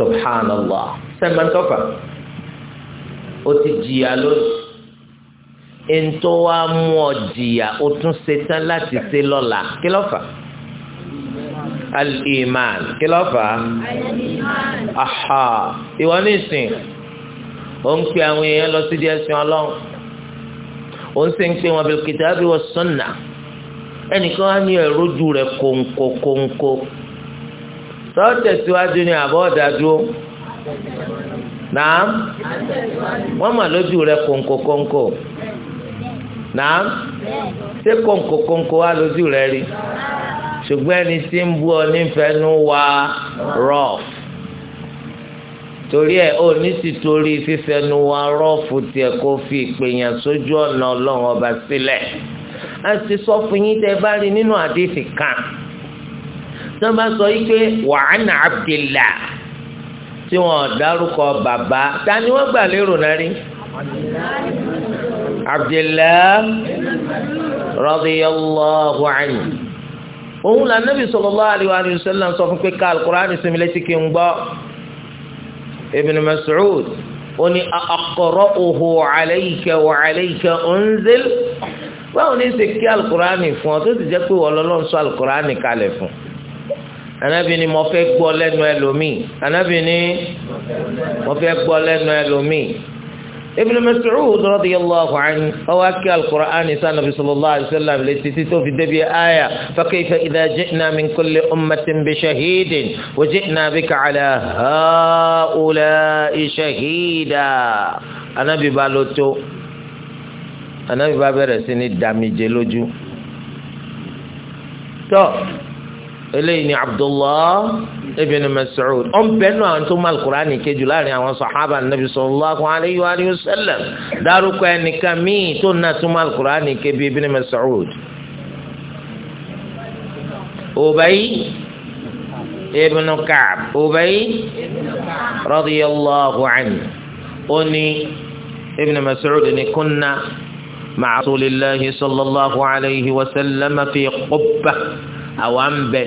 subhanallah sẹ́gbẹ́ntọ́fà ó ti jìyà lónìí ètò wa mú ọ jìyà ó tún ṣetán láti ṣe lọ́la kí ló fà al-iman kí ló fà aha ìwọ nísìn ó ń pe àwọn èèyàn lọ sí díẹ̀ sí ọlọ́run ó ń sì ń pe wọn bil kitabi was sunnah ẹnìkan á ní ẹ̀rọ ojú rẹ̀ kónkónkónkó tọ́tẹ̀síwájú ni àbọ̀ ọ̀dàdúró nàám wọ́n mà lójú rẹ kòǹkòǹkò nàám ṣé kòǹkòǹkò wá lójú rẹ rí ṣùgbọ́n ẹni tí ń bú ọ nífẹ̀ẹ́nu wa rọ́ọ̀f torí ẹ ò ní sì torí fífẹnu wa rọ́ọ̀fù tiẹ̀ kó fi ìpènyàn sójú ọ̀nà ọlọ́run ọba sílẹ̀ a ti sọ fún yín tẹ́ bá rí nínú àdéhìí kan tí wọ́n bá sọ yìí pé wàhánà Abdillah tí wọ́n dárúkọ bàbá ta ni wọ́n gbà lérò náà rí Abdillah radiyallahu anhu òun là nàbì sallallahu alaihi wa sallam sọ fún pé ká alukóraani sinmi létí kí n gbọ́ Ibn Mas'ud oni aqra'uhu alayka wa alayka unzil báwo ni ṣe kí alukurani fún ọ tó ti jẹ́ pé wọ́n lọ́lọ́ ń sọ alukurani fún anabi ni mo fẹ́ gbọ́ lẹ́nu ẹlòmíì anabi ni mo fẹ́ gbọ́ lẹ́nu ẹlòmíì Ibn Mas'ud radiyallahu anhu ọwọ akí al-Qur'an ní sànàbí sallallahu alayhi wa sallam lè títí tó fi débi àyà fa kayfa idha ji'na min kulli ummatin bi shahidin wa ji'na bika ala ha'ula'i shahida anabi bá ló tó anabi bá bẹ̀rẹ̀ sí ní dàmíje lójú tó. So, eléyìí ni abdullah ibn mas'ud ọ̀n bẹ́ẹ̀nu àwọn tó mal kuraani kejì láàrin àwọn sàhábà nàbì sallallahu alayhi wa alihi wa sallam dárúkọ ẹnìkan míì tó nà tó mal kuraani kejì ibn mas'ud. obayi ibn kaab obayi radiyallahu anhu oni ibn mas'ud ni kunna ma'a rasulillahi sallallahu alayhi wa sallam fi qubbah. àwa ń bẹ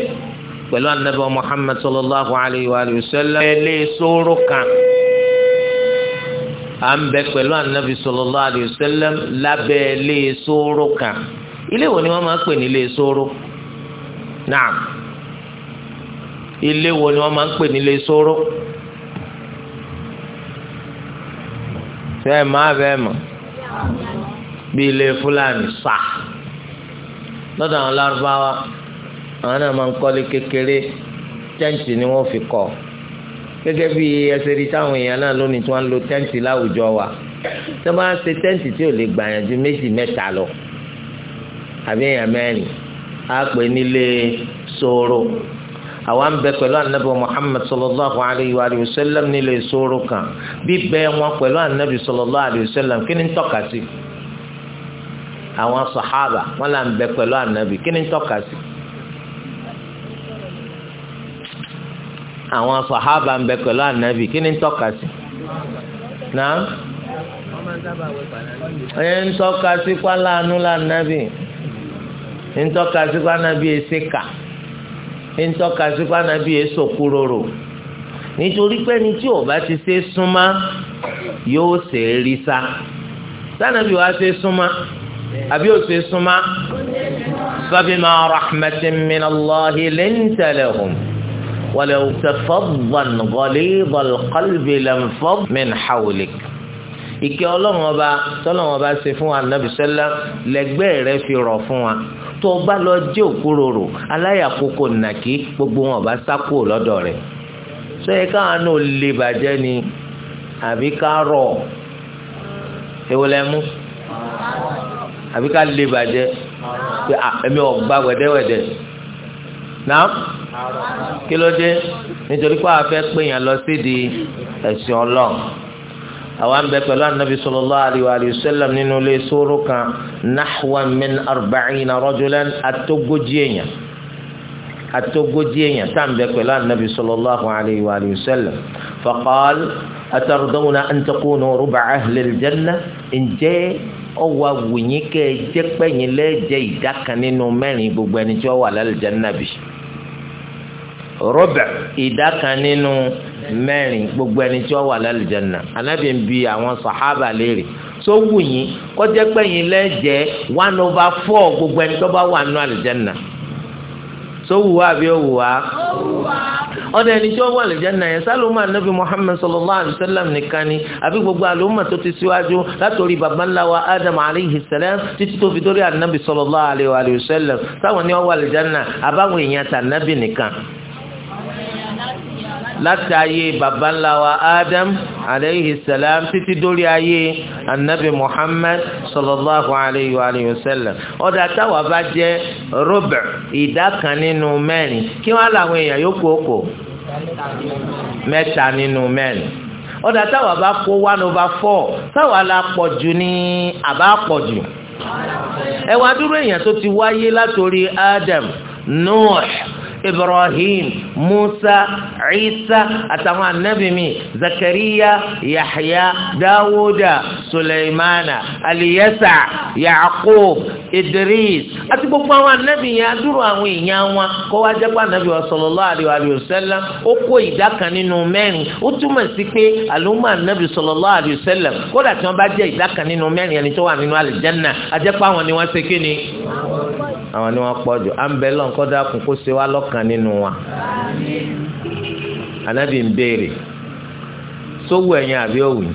pẹ̀lú anabi muhammed sallallahu alayhi wa sallam ilé sóró kan à ń bẹ pẹ̀lú anabi sallallahu alayhi wa sallam lábẹ́ ilé sóró kan ilé wo ni wọ́n máa ń pè ní ilé sóró náà ilé wo ni wọ́n máa ń pè ní ilé sóró fẹ́ẹ̀ máa bẹ́ẹ̀ mọ̀ bí ilé fúlàní sá lọ́dọ̀ àwọn lárúbáwá àwọn náà máa ń kọ́lé kékeré tẹ́ǹtì ni wọ́n fi kọ́ gẹ́gẹ́ bí ẹsẹ̀ rí táwọn èèyàn náà lónìí tí wọ́n ń lo tẹ́ǹtì láwùjọ wa tí wọ́n bá ń ṣe tẹ́ǹtì tí ò lè gbàyànjú méjì mẹ́ta lọ àbí èèyàn mẹ́rin á pè nílé sóró àwa ń bẹ pẹ̀lú anabi muhammed sallallahu alayhi wa sallam nílé sóró kan bíbẹ wọn pẹ̀lú anabi sallallahu alayhi wa sallam kí ni ń tọ́ka sí àwọn sàhábà wọn là ń bẹ pẹ̀lú anabi kí ni ń tọ́ka sí. àwọn sọ̀hábà ń bẹ pẹ̀lú anabi kí ni ń tọ́ka sí na ẹ ń tọ́ka sí pálánú lànábì ń tọ́ka sí pánábì èsì kà ń tọ́ka sí pánábì èsì òkúròrò nítorí pé ní tí ti ṣe súnmá yóò ṣe é rí wa ṣe súnmá àbí ولو تفضا غليظ القلب لانفض من حولك ìkẹ́ ọlọ́run ọba tọ́lọ́run ọba ṣe fún wa nàbì sẹ́lá lẹ́gbẹ́ rẹ fi rọ̀ fún wa tó o bá lọ jẹ́ òkúròrò aláyàkókò nàkí gbogbo wọn ọba sákò lọ́dọ̀ rẹ̀ ṣé ẹ káwọn náà lè bàjẹ́ ni àbí ká rọ̀ ewu lẹ mú àbí ká lè bàjẹ́ ẹ̀mí ọ̀gbà wẹ̀dẹ́wẹ̀dẹ́ nàám kí ló dé nítorí pé a fẹ́ pèèyàn lọ sídi ẹ̀sìn ọlọ́run àwa ń bẹ pẹ̀lú anabi sallallahu alayhi wa sallam nínú ilé sóró kan nahwan min arba'ina rajulan àtogójì èèyàn àtogójì èèyàn tá à ń bẹ pẹ̀lú anabi sallallahu alayhi wa sallam faqal atardawna an takunu ruba ahli aljanna ǹjẹ́ ọwọ́ awùnyí nínú mẹ́rin gbogbo ẹni tí wọ́n wà lálẹ́ jẹ́ nàbì rọ́bẹ̀ ìdá kan nínú mẹ́rin gbogbo ẹni tí wọ́n wà lálùjánnà anábì ń bi àwọn sàhábà léèrè tó wù yín kọjá pẹ́yìn lẹ́jẹ̀ one over four gbogbo ẹni tó bá wà nínú àlùjánnà tó wù wá àbí ó wù wá. ọ̀dà ẹni tí wọ́n wà àlùjánnà yẹn sálọ́mù anábì muhammed sallallahu alayhi wa sallam nìkan ni àbí gbogbo àlùmọ̀ tó ti síwájú látòrí baba ńlá wa adam alayhi salam títí tó fi dórí anábì sallallahu alayhi wa sallam sáwọn ni wọ́n wà àlùjánnà àbáwọn èèyàn tà nábì nìkan láti ayé baba ńlá wa Adam aleyhi salam títí dórí ayé anabi Muhammad sallallahu alayhi wa sallam ọ̀dà táwa bá jẹ́ rọ́bà ìdá kan nínú mẹ́rin kí wọ́n làwọn èèyàn yókù ọkọ̀ mẹ́ta nínú mẹ́rin ọ̀dà táwa bá kó one over four táwa la pọ̀ jù ní àbá pọ̀ jù. ẹ̀wà dúró èèyàn tó ti wáyé látòrí Adam Noah ibrahim musa isa àtàwọn anabi mi zakariya yahya dawuda suleimana aliyasa yaakub idris àti gbogbo àwọn anabi yẹn adúrò àwọn èèyàn wọn kó wá jẹ́ pé anabi wa sallallahu alaihi wa sallam ó kó ìdá kan nínú mẹ́rin ó túmọ̀ sí pé àlùmọ́ anabi sallallahu alaihi wa sallam kódà tí wọ́n bá jẹ́ ìdá kan nínú mẹ́rin ẹni tó wà nínú alìjẹ́nà àjẹpọ̀ àwọn ni wọ́n ṣe kí ni àwọn ni wọ́n pọ̀ jù à ń bẹ lọ́nkọ́dá ọ̀kan nínú wa anabi ń béèrè sówù ẹ̀yin àbí òwì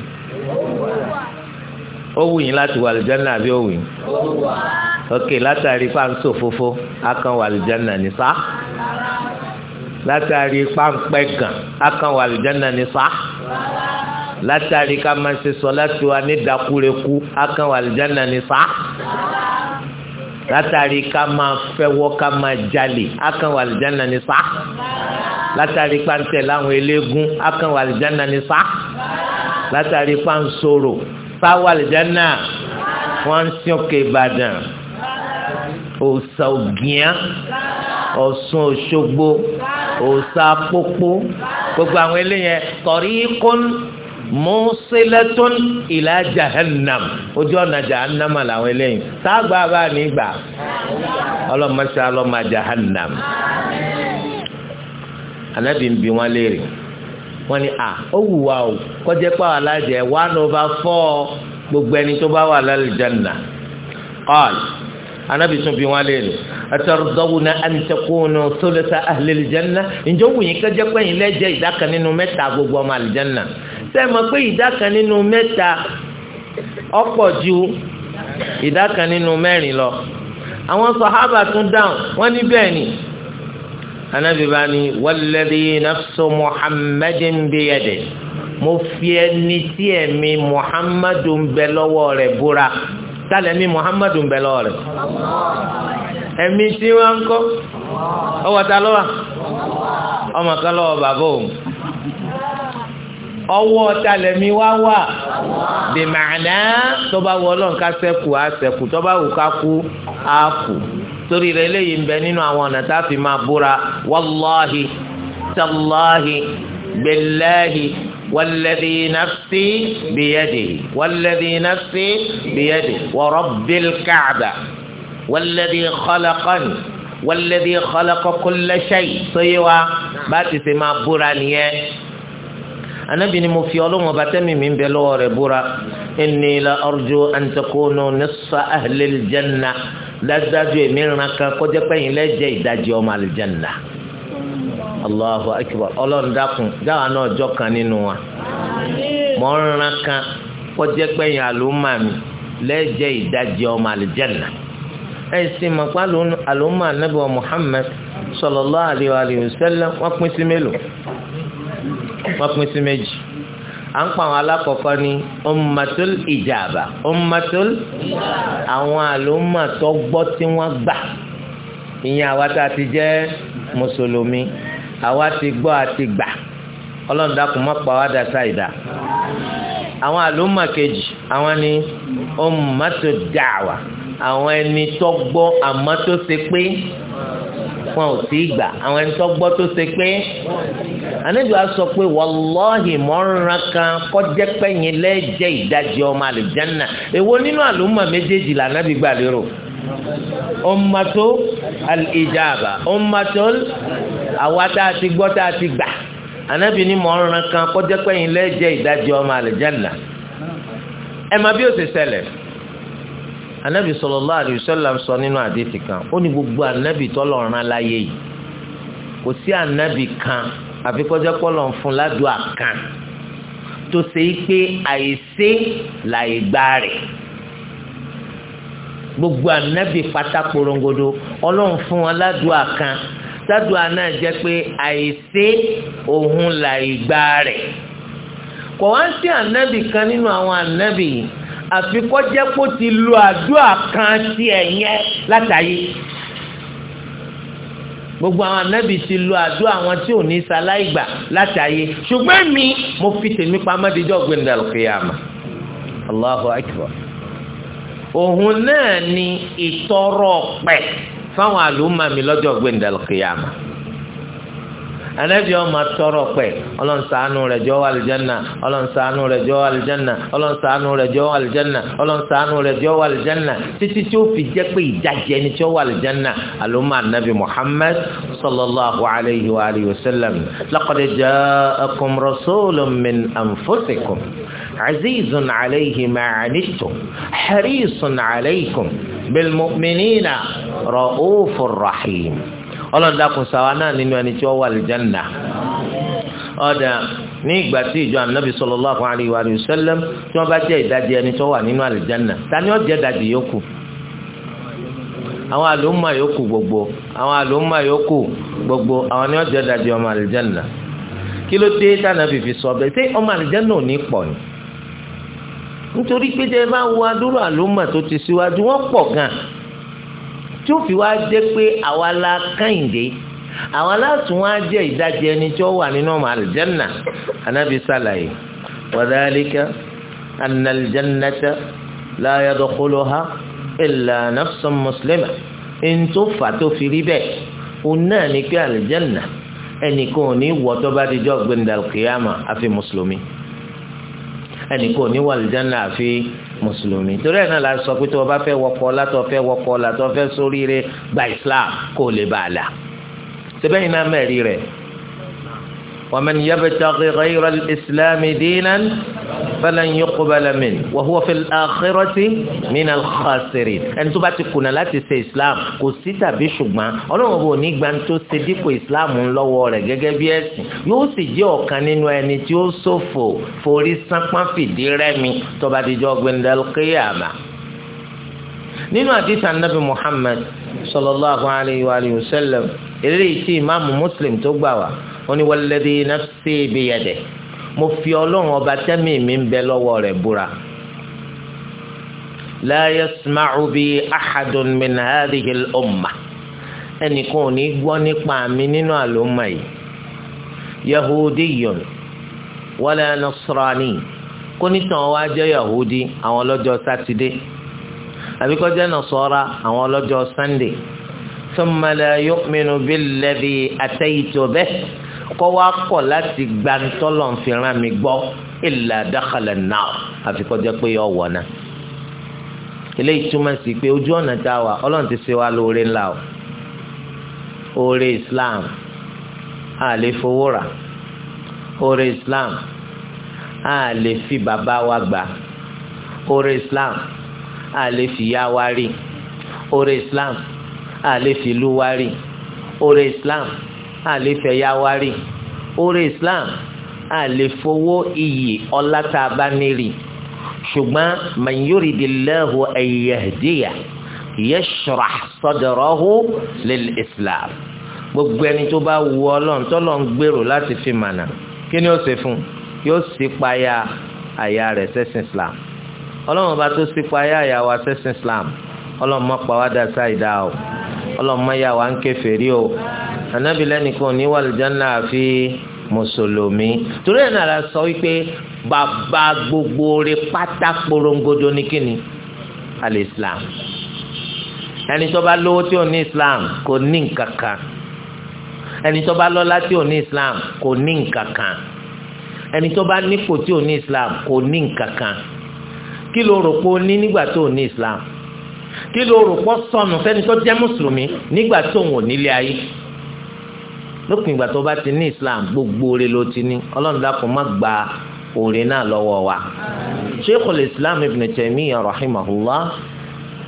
òwù yín láti wà lìjánà àbí òwì ok látàrí pàǹsó fúnfún akàn wà lìjánà ní sá látàrí pàǹpẹ gàn akàn wà lìjánà ní sá látàrí ká máa ṣe sọ láti wà ní dakureku akàn wà lìjánà ní sá látàrí ká máa fẹ́wọ́ ká máa jalè akànwà àlìjáná ni sá látàrí pàǹtẹ̀ láwọn eléégún akànwà àlìjáná ni sá látàrí pàǹsòrò sáwà àlìjáná wọn ń sìn òkè Ìbàdàn òòsà ògìyàn Ọ̀ṣun Òṣogbo òòsà pópó gbogbo àwọn eléyẹn kọ̀rí kún mọ́sílẹ́tún ìlà jahannam ojú ọ̀nà jahannam làwọn eléyìí sáàgbà bá ní gbà ọlọ́mọṣẹ́ ọlọ́mọ jahannam. anabi ń bi wọn léèrè wọn ni à ó wù wá o kọjá pàwọn alájẹ one over four gbogbo ẹni tó bá wà lálẹ́ jẹ́nà qal anabi tún bi wọn léèrè atardawna an takunu thulutha ahli aljanna ǹjẹ́ wù yín kọjá pẹ́yìn lẹ́jẹ́ ìdá nínú mẹ́ta gbogbo ọmọ aljanna sẹ́mọ̀ pé ìdá kan nínú mẹ́ta ọ̀pọ̀ ju ìdá kan nínú mẹ́rin lọ àwọn sàhábà tún dáhùn wọ́n ní bẹ́ẹ̀ ni anabi bá ní wàlẹ́dí nafsu muhammadin biyade mo fi ẹni tí ẹ̀mí muhammadu ń bẹ lọ́wọ́ rẹ̀ búra tálẹ̀ ẹ̀mí muhammadu ń bẹ lọ́wọ́ rẹ̀ ẹ̀mí tí wọ́n ń kọ́ ọwọ́ ta lọ́wọ́ ọmọ kan lọ́wọ́ bàbá òun ọwọ́ talẹ̀mí wá wà bìmàánà tó bá wọ ọlọ́run ká sẹ́kù á sẹ́kù tó wù ká kú á kù torí rẹ eléyìí bẹ nínú àwọn ọ̀nà tá a fi máa búra wàláhi tàláhi bẹ́láhi wàlẹ́dì nàfsí bìyẹ́dì wàlẹ́dì nàfsí bìyẹ́dì wọ̀rọ̀ bílkàdà wàlẹ́dì kọ́lákọ́ni wàlẹ́dì kọ́lákọ́ kúlẹ́ṣẹ́yì bá ti ṣe máa búra nìyẹn anabi ni mo fi ọlọ́wọ́n bá tẹ́mi mi ń bẹ lọ́wọ́ rẹ̀ búra inni la arju an takunu nisfa ahlil janna dájúdájú èmi ràn kan kọjá pẹ́yìn lẹ́jẹ̀ ìdajì ọmọ alìjanna allahu akbar ọlọ́run dákun dáwà náà jọ kan nínú wa mọ̀ ń ràn kan kọjá pẹ́yìn àlùmọ́ mi lẹ́jẹ̀ ìdajì ọmọ alìjanna ẹ̀sìn mọ̀pá àlùmọ́ anábọ̀ muhammad sallallahu alayhi wọ́n pín sí méjì à ń pa àwọn alákọ̀ọ́kọ́ ní ummatul ijaba ummatul àwọn àlòmọ̀ tó gbọ́ tí wọ́n gbà ìyẹn àwa tá a ti jẹ́ mùsùlùmí àwa ti gbọ́ àti gbà ọlọ́run dákun má pa wá dá sáìdá àwọn àlòmọ̀ àwọn ni ummatud da'wa àwọn ẹni tó gbọ́ àmọ́ tó ṣe pé wọn ò sí gbà àwọn ẹni tó gbọ́ tó ṣe pé ànábì wa sọ pé wàlọ́hì mọ́nrán kan kọjá pẹ́yìn lẹ́jẹ́ ìdajì ọmọ àlùjánnà èwo nínú àlùmọ̀ méjèèjì lànàbì gbà lérò ọmọtó alìjàbà ọmọtó àwa tá a ti gbọ́ tá a ti gbà ànábì ní mọ́nrán kan kọjá pẹ́yìn lẹ́jẹ́ ìdajì ọmọ àlùjánnà ẹ má bí ó ti ṣẹlẹ̀ ànábì sallallahu alaihi wasallam sọ nínú àdéhìí kan ó ní gbogbo ànábì tọ́lọ́run aláyé yìí kò sí ànábì kan àfi kọjá pọlọ ń fún ládùá kan tó ṣe é pé àìsí làì gbá rẹ gbogbo ànábì pátá korongodo ọlọ́run fún wọn ládùá kan ládùá náà jẹ́ pé àìsí òun làì gbá rẹ kò wá sí ànábì kan nínú àwọn ànábì yìí àfi kọjá pò ti lo àdúrà kan tiẹ̀ yẹn látàyè gbogbo àwọn anábì ti lo àdúrà àwọn tí ò ní sáláì gbà láti ayé ṣùgbọ́n mi mo fi tèmi pamọ́ díjọ́ gbẹ̀ndàlù kìyàmà Allahu akbar òhun náà ni ìtọrọ pẹ̀ fáwọn àlùmọ̀ mi lọ́jọ́ gbẹ̀ndàlù kìyàmà anabi ọmọ tọrọ pẹ ọlọ́nsàánú rẹ̀ jọ́ alìjẹ́nà ọlọ́nsàánú rẹ̀ jọ́ alìjẹ́nà ọlọ́nsàánú rẹ̀ jọ́ alìjẹ́nà ọlọ́nsàánú rẹ̀ jọ́ alìjẹ́nà títí tí ó fi jẹ́ pé ìdajì ẹni tí ó wà alìjẹ́nà àlùmọ́ anabi muhammad sallallahu alayhi wa alihi wa sallam laqad ja'akum rasulun min anfusikum azizun alayhi ma harisun alaykum bilmu'minina ra'ufur rahim ọlọ́dà kò sáwa náà nínú ẹni tí wọ́n wà lè jẹ́nà ọ̀dà ní ìgbà tí ìjọ ànábì sallallahu alaihi wa sallam tí wọ́n bá jẹ́ ìdajì ẹni tó wà nínú àlìjánà ta ni ó jẹ́ ìdajì yòókù àwọn àlùmọ̀ yòókù gbogbo àwọn àlùmọ̀ yòókù gbogbo àwọn ni ó jẹ́ ìdajì ọmọ àlìjánà kí ló dé tànàbì fi sọ bẹ́ẹ̀ ṣé ọmọ àlìjánà ò ní pọ̀ ni nítorí pé tẹ́ bá wo adúrò àlùmọ̀ tó ti síwájú wọ́n pọ̀ gan-an tí ó fi wá jẹ́ pé àwa la kẹ́hìndé àwa láti wá jẹ́ ìdajì ẹni tí ó wà nínú ọmọ àlùjẹ́nà anábì sàlàyé wàdálíkà ànàlùjẹ́nàtà láyàdọ̀kọlọ́ ha ìlà nàfṣàn mùsùlùmí ẹni tó fà tó fi rí bẹ́ẹ̀ òun náà ní pé àlùjẹ́nà ẹnìkan ò ní wọ tó bá di jọ́ àfi mùsùlùmí ẹnìkan ò ní wọ àlùjẹ́nà àfi mùsùlùmí torí ẹ̀ náà la sọ pé tí wọ́n bá fẹ́ wọ́pọ̀ látọ̀ fẹ́ wọ́pọ̀ látọ̀ fẹ́ sóríire gba islam kó o lè bá a là sẹ́bẹ̀yìn náà mẹ́rin rẹ̀ ومن يبتغي غير الإسلام دينا فلن يقبل منه وهو في الآخرة من الخاسرين ẹni tó bá ti kùnà láti ṣe islam kò sí tàbí ṣùgbọ́n ọlọ́run bò ní gbà tó ṣe dípò islam lọ́wọ́ rẹ̀ gẹ́gẹ́ bí ẹ̀sìn yóò sì jẹ́ ọ̀kan nínú ẹni tí ó ṣòfò forí sánpọ́n fìdí rẹ́mi tó bá ti jọ gbẹndẹ́lú kéyàmà. nínú àdìsá nàbì muhammad sallallahu alayhi wa sallam eléyìí tí ìmáàmù muslim tó gbà wá ó ní walladhi nafsi biyadihi mo fi ọlọ́run ọba tẹ́mì mi ń bẹ lọ́wọ́ rẹ̀ búra la yasma'u bi ahadun min hadhihi al-ummah ẹnìkan ò ní gbọ́ nípa mi nínú àlùmọ̀ yìí yahudiyun wala nasrani kó nítàn wá jẹ́ yahudi àwọn ọlọ́jọ́ sátidé àbí kó àwọn ọlọ́jọ́ sannde thumma la yu'minu billadhi ataytu bihi kọ́ wa kọ̀ láti gba ntọ́lọ̀ fi rán mi gbọ́ ìlà dákàlẹ̀ náà àfikọ́jọ́ pé yọ wọ̀ náà eléyìí túmọ̀ sí pé ojú ọ̀nà tá a wà ọlọ́run ti ṣe wá lóore ńlá o oore Islam a lè fowó rà oore Islam a lè fi bàbá wa gbà oore Islam a lè fi ya wa rí oore Islam a lè fi ìlú wa rí oore Islam àlè fẹ́ yá wárí oore islam àlè fowó iyì ọlá tá a bá nírì ṣùgbọ́n man yuridillahu an yahdiya yashrah sadrahu lil islam gbogbo ẹni tó bá wu ọlọ́run tọ́lọ́ ń gbèrò láti fi mànà kí ni ó ṣe fún yóò sì payá àyà rẹ̀ sẹ́sìn islam ọlọ́run bá tó sì payá àyà wa sẹ́sìn islam ọlọ́run mọ́ pàwádà sáìdá o ọlọ́run mọ́ yà wá ń kèfèrí o anabi lẹ́nìkan ní wàlìjánná àfi mùsùlùmí torí ẹ̀ nàrà sọ wípé bàbá gbogbo rẹ pátá porongodo ní kíni alẹ́ islam ẹni tó bá lówó tí ò ní islam kò ní nǹkan kan ẹni tó bá lọ́lá tí ò ní islam kò ní nǹkan kan ẹni tó bá nípò tí ò ní islam kò ní nǹkan kan kí ló rò pé o ní nígbà tó o ní islam kí ló rò pé sọnù fẹ́ni tó jẹ́ mùsùlùmí nígbà tó òun ò nílé ayé lópin ìgbà tó bá ti ní islam gbogbo oore ló ti ní ọlọ́run dákun má gba oore náà lọ́wọ́ wa. sheikhul islam ibn taymiyyah rahimahullah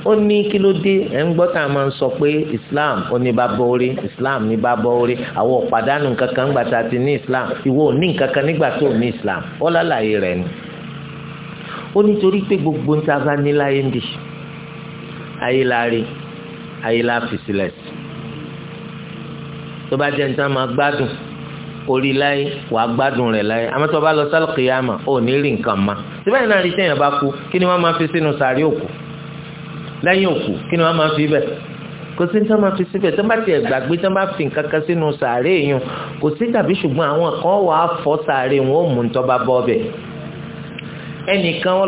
ó ní kí ló dé ẹ̀ ń gbọ́ tá a máa ń sọ pé islam ó ní bá bọ́ orí islam ní bá bọ́ orí àwọn ọ̀pàdánù kankan gbà tá a ti ní islam ìwọ ò ní kankan nígbà tó o ní islam ó lálàyé rẹ̀ ni. ó nítorí pé gbogbo ń ta bá níláyé ń dì ayé la ayé la sílẹ̀ sí tó bá jẹ́ nǹkan máa gbádùn orí láyé wàá gbádùn rẹ̀ láyé àmọ́ tó bá lọ sálùkìyàmà ò ní rí nǹkan ma síbẹ̀ náà rí sẹ́yìn bá kú kí ni wọ́n máa fi sínú sàárì òkú lẹ́yìn òkú kí ni wọ́n máa fi bẹ̀ kò sí tó máa fi síbẹ̀ tó bá tiẹ̀ gbàgbé tó bá fi nǹkan kan sínú sàárì èèyàn kò sí tàbí ṣùgbọ́n àwọn kan wàá fọ́ sàárì wọn ò mú tó bá bọ́ bẹ̀ ẹnìkan wọ́n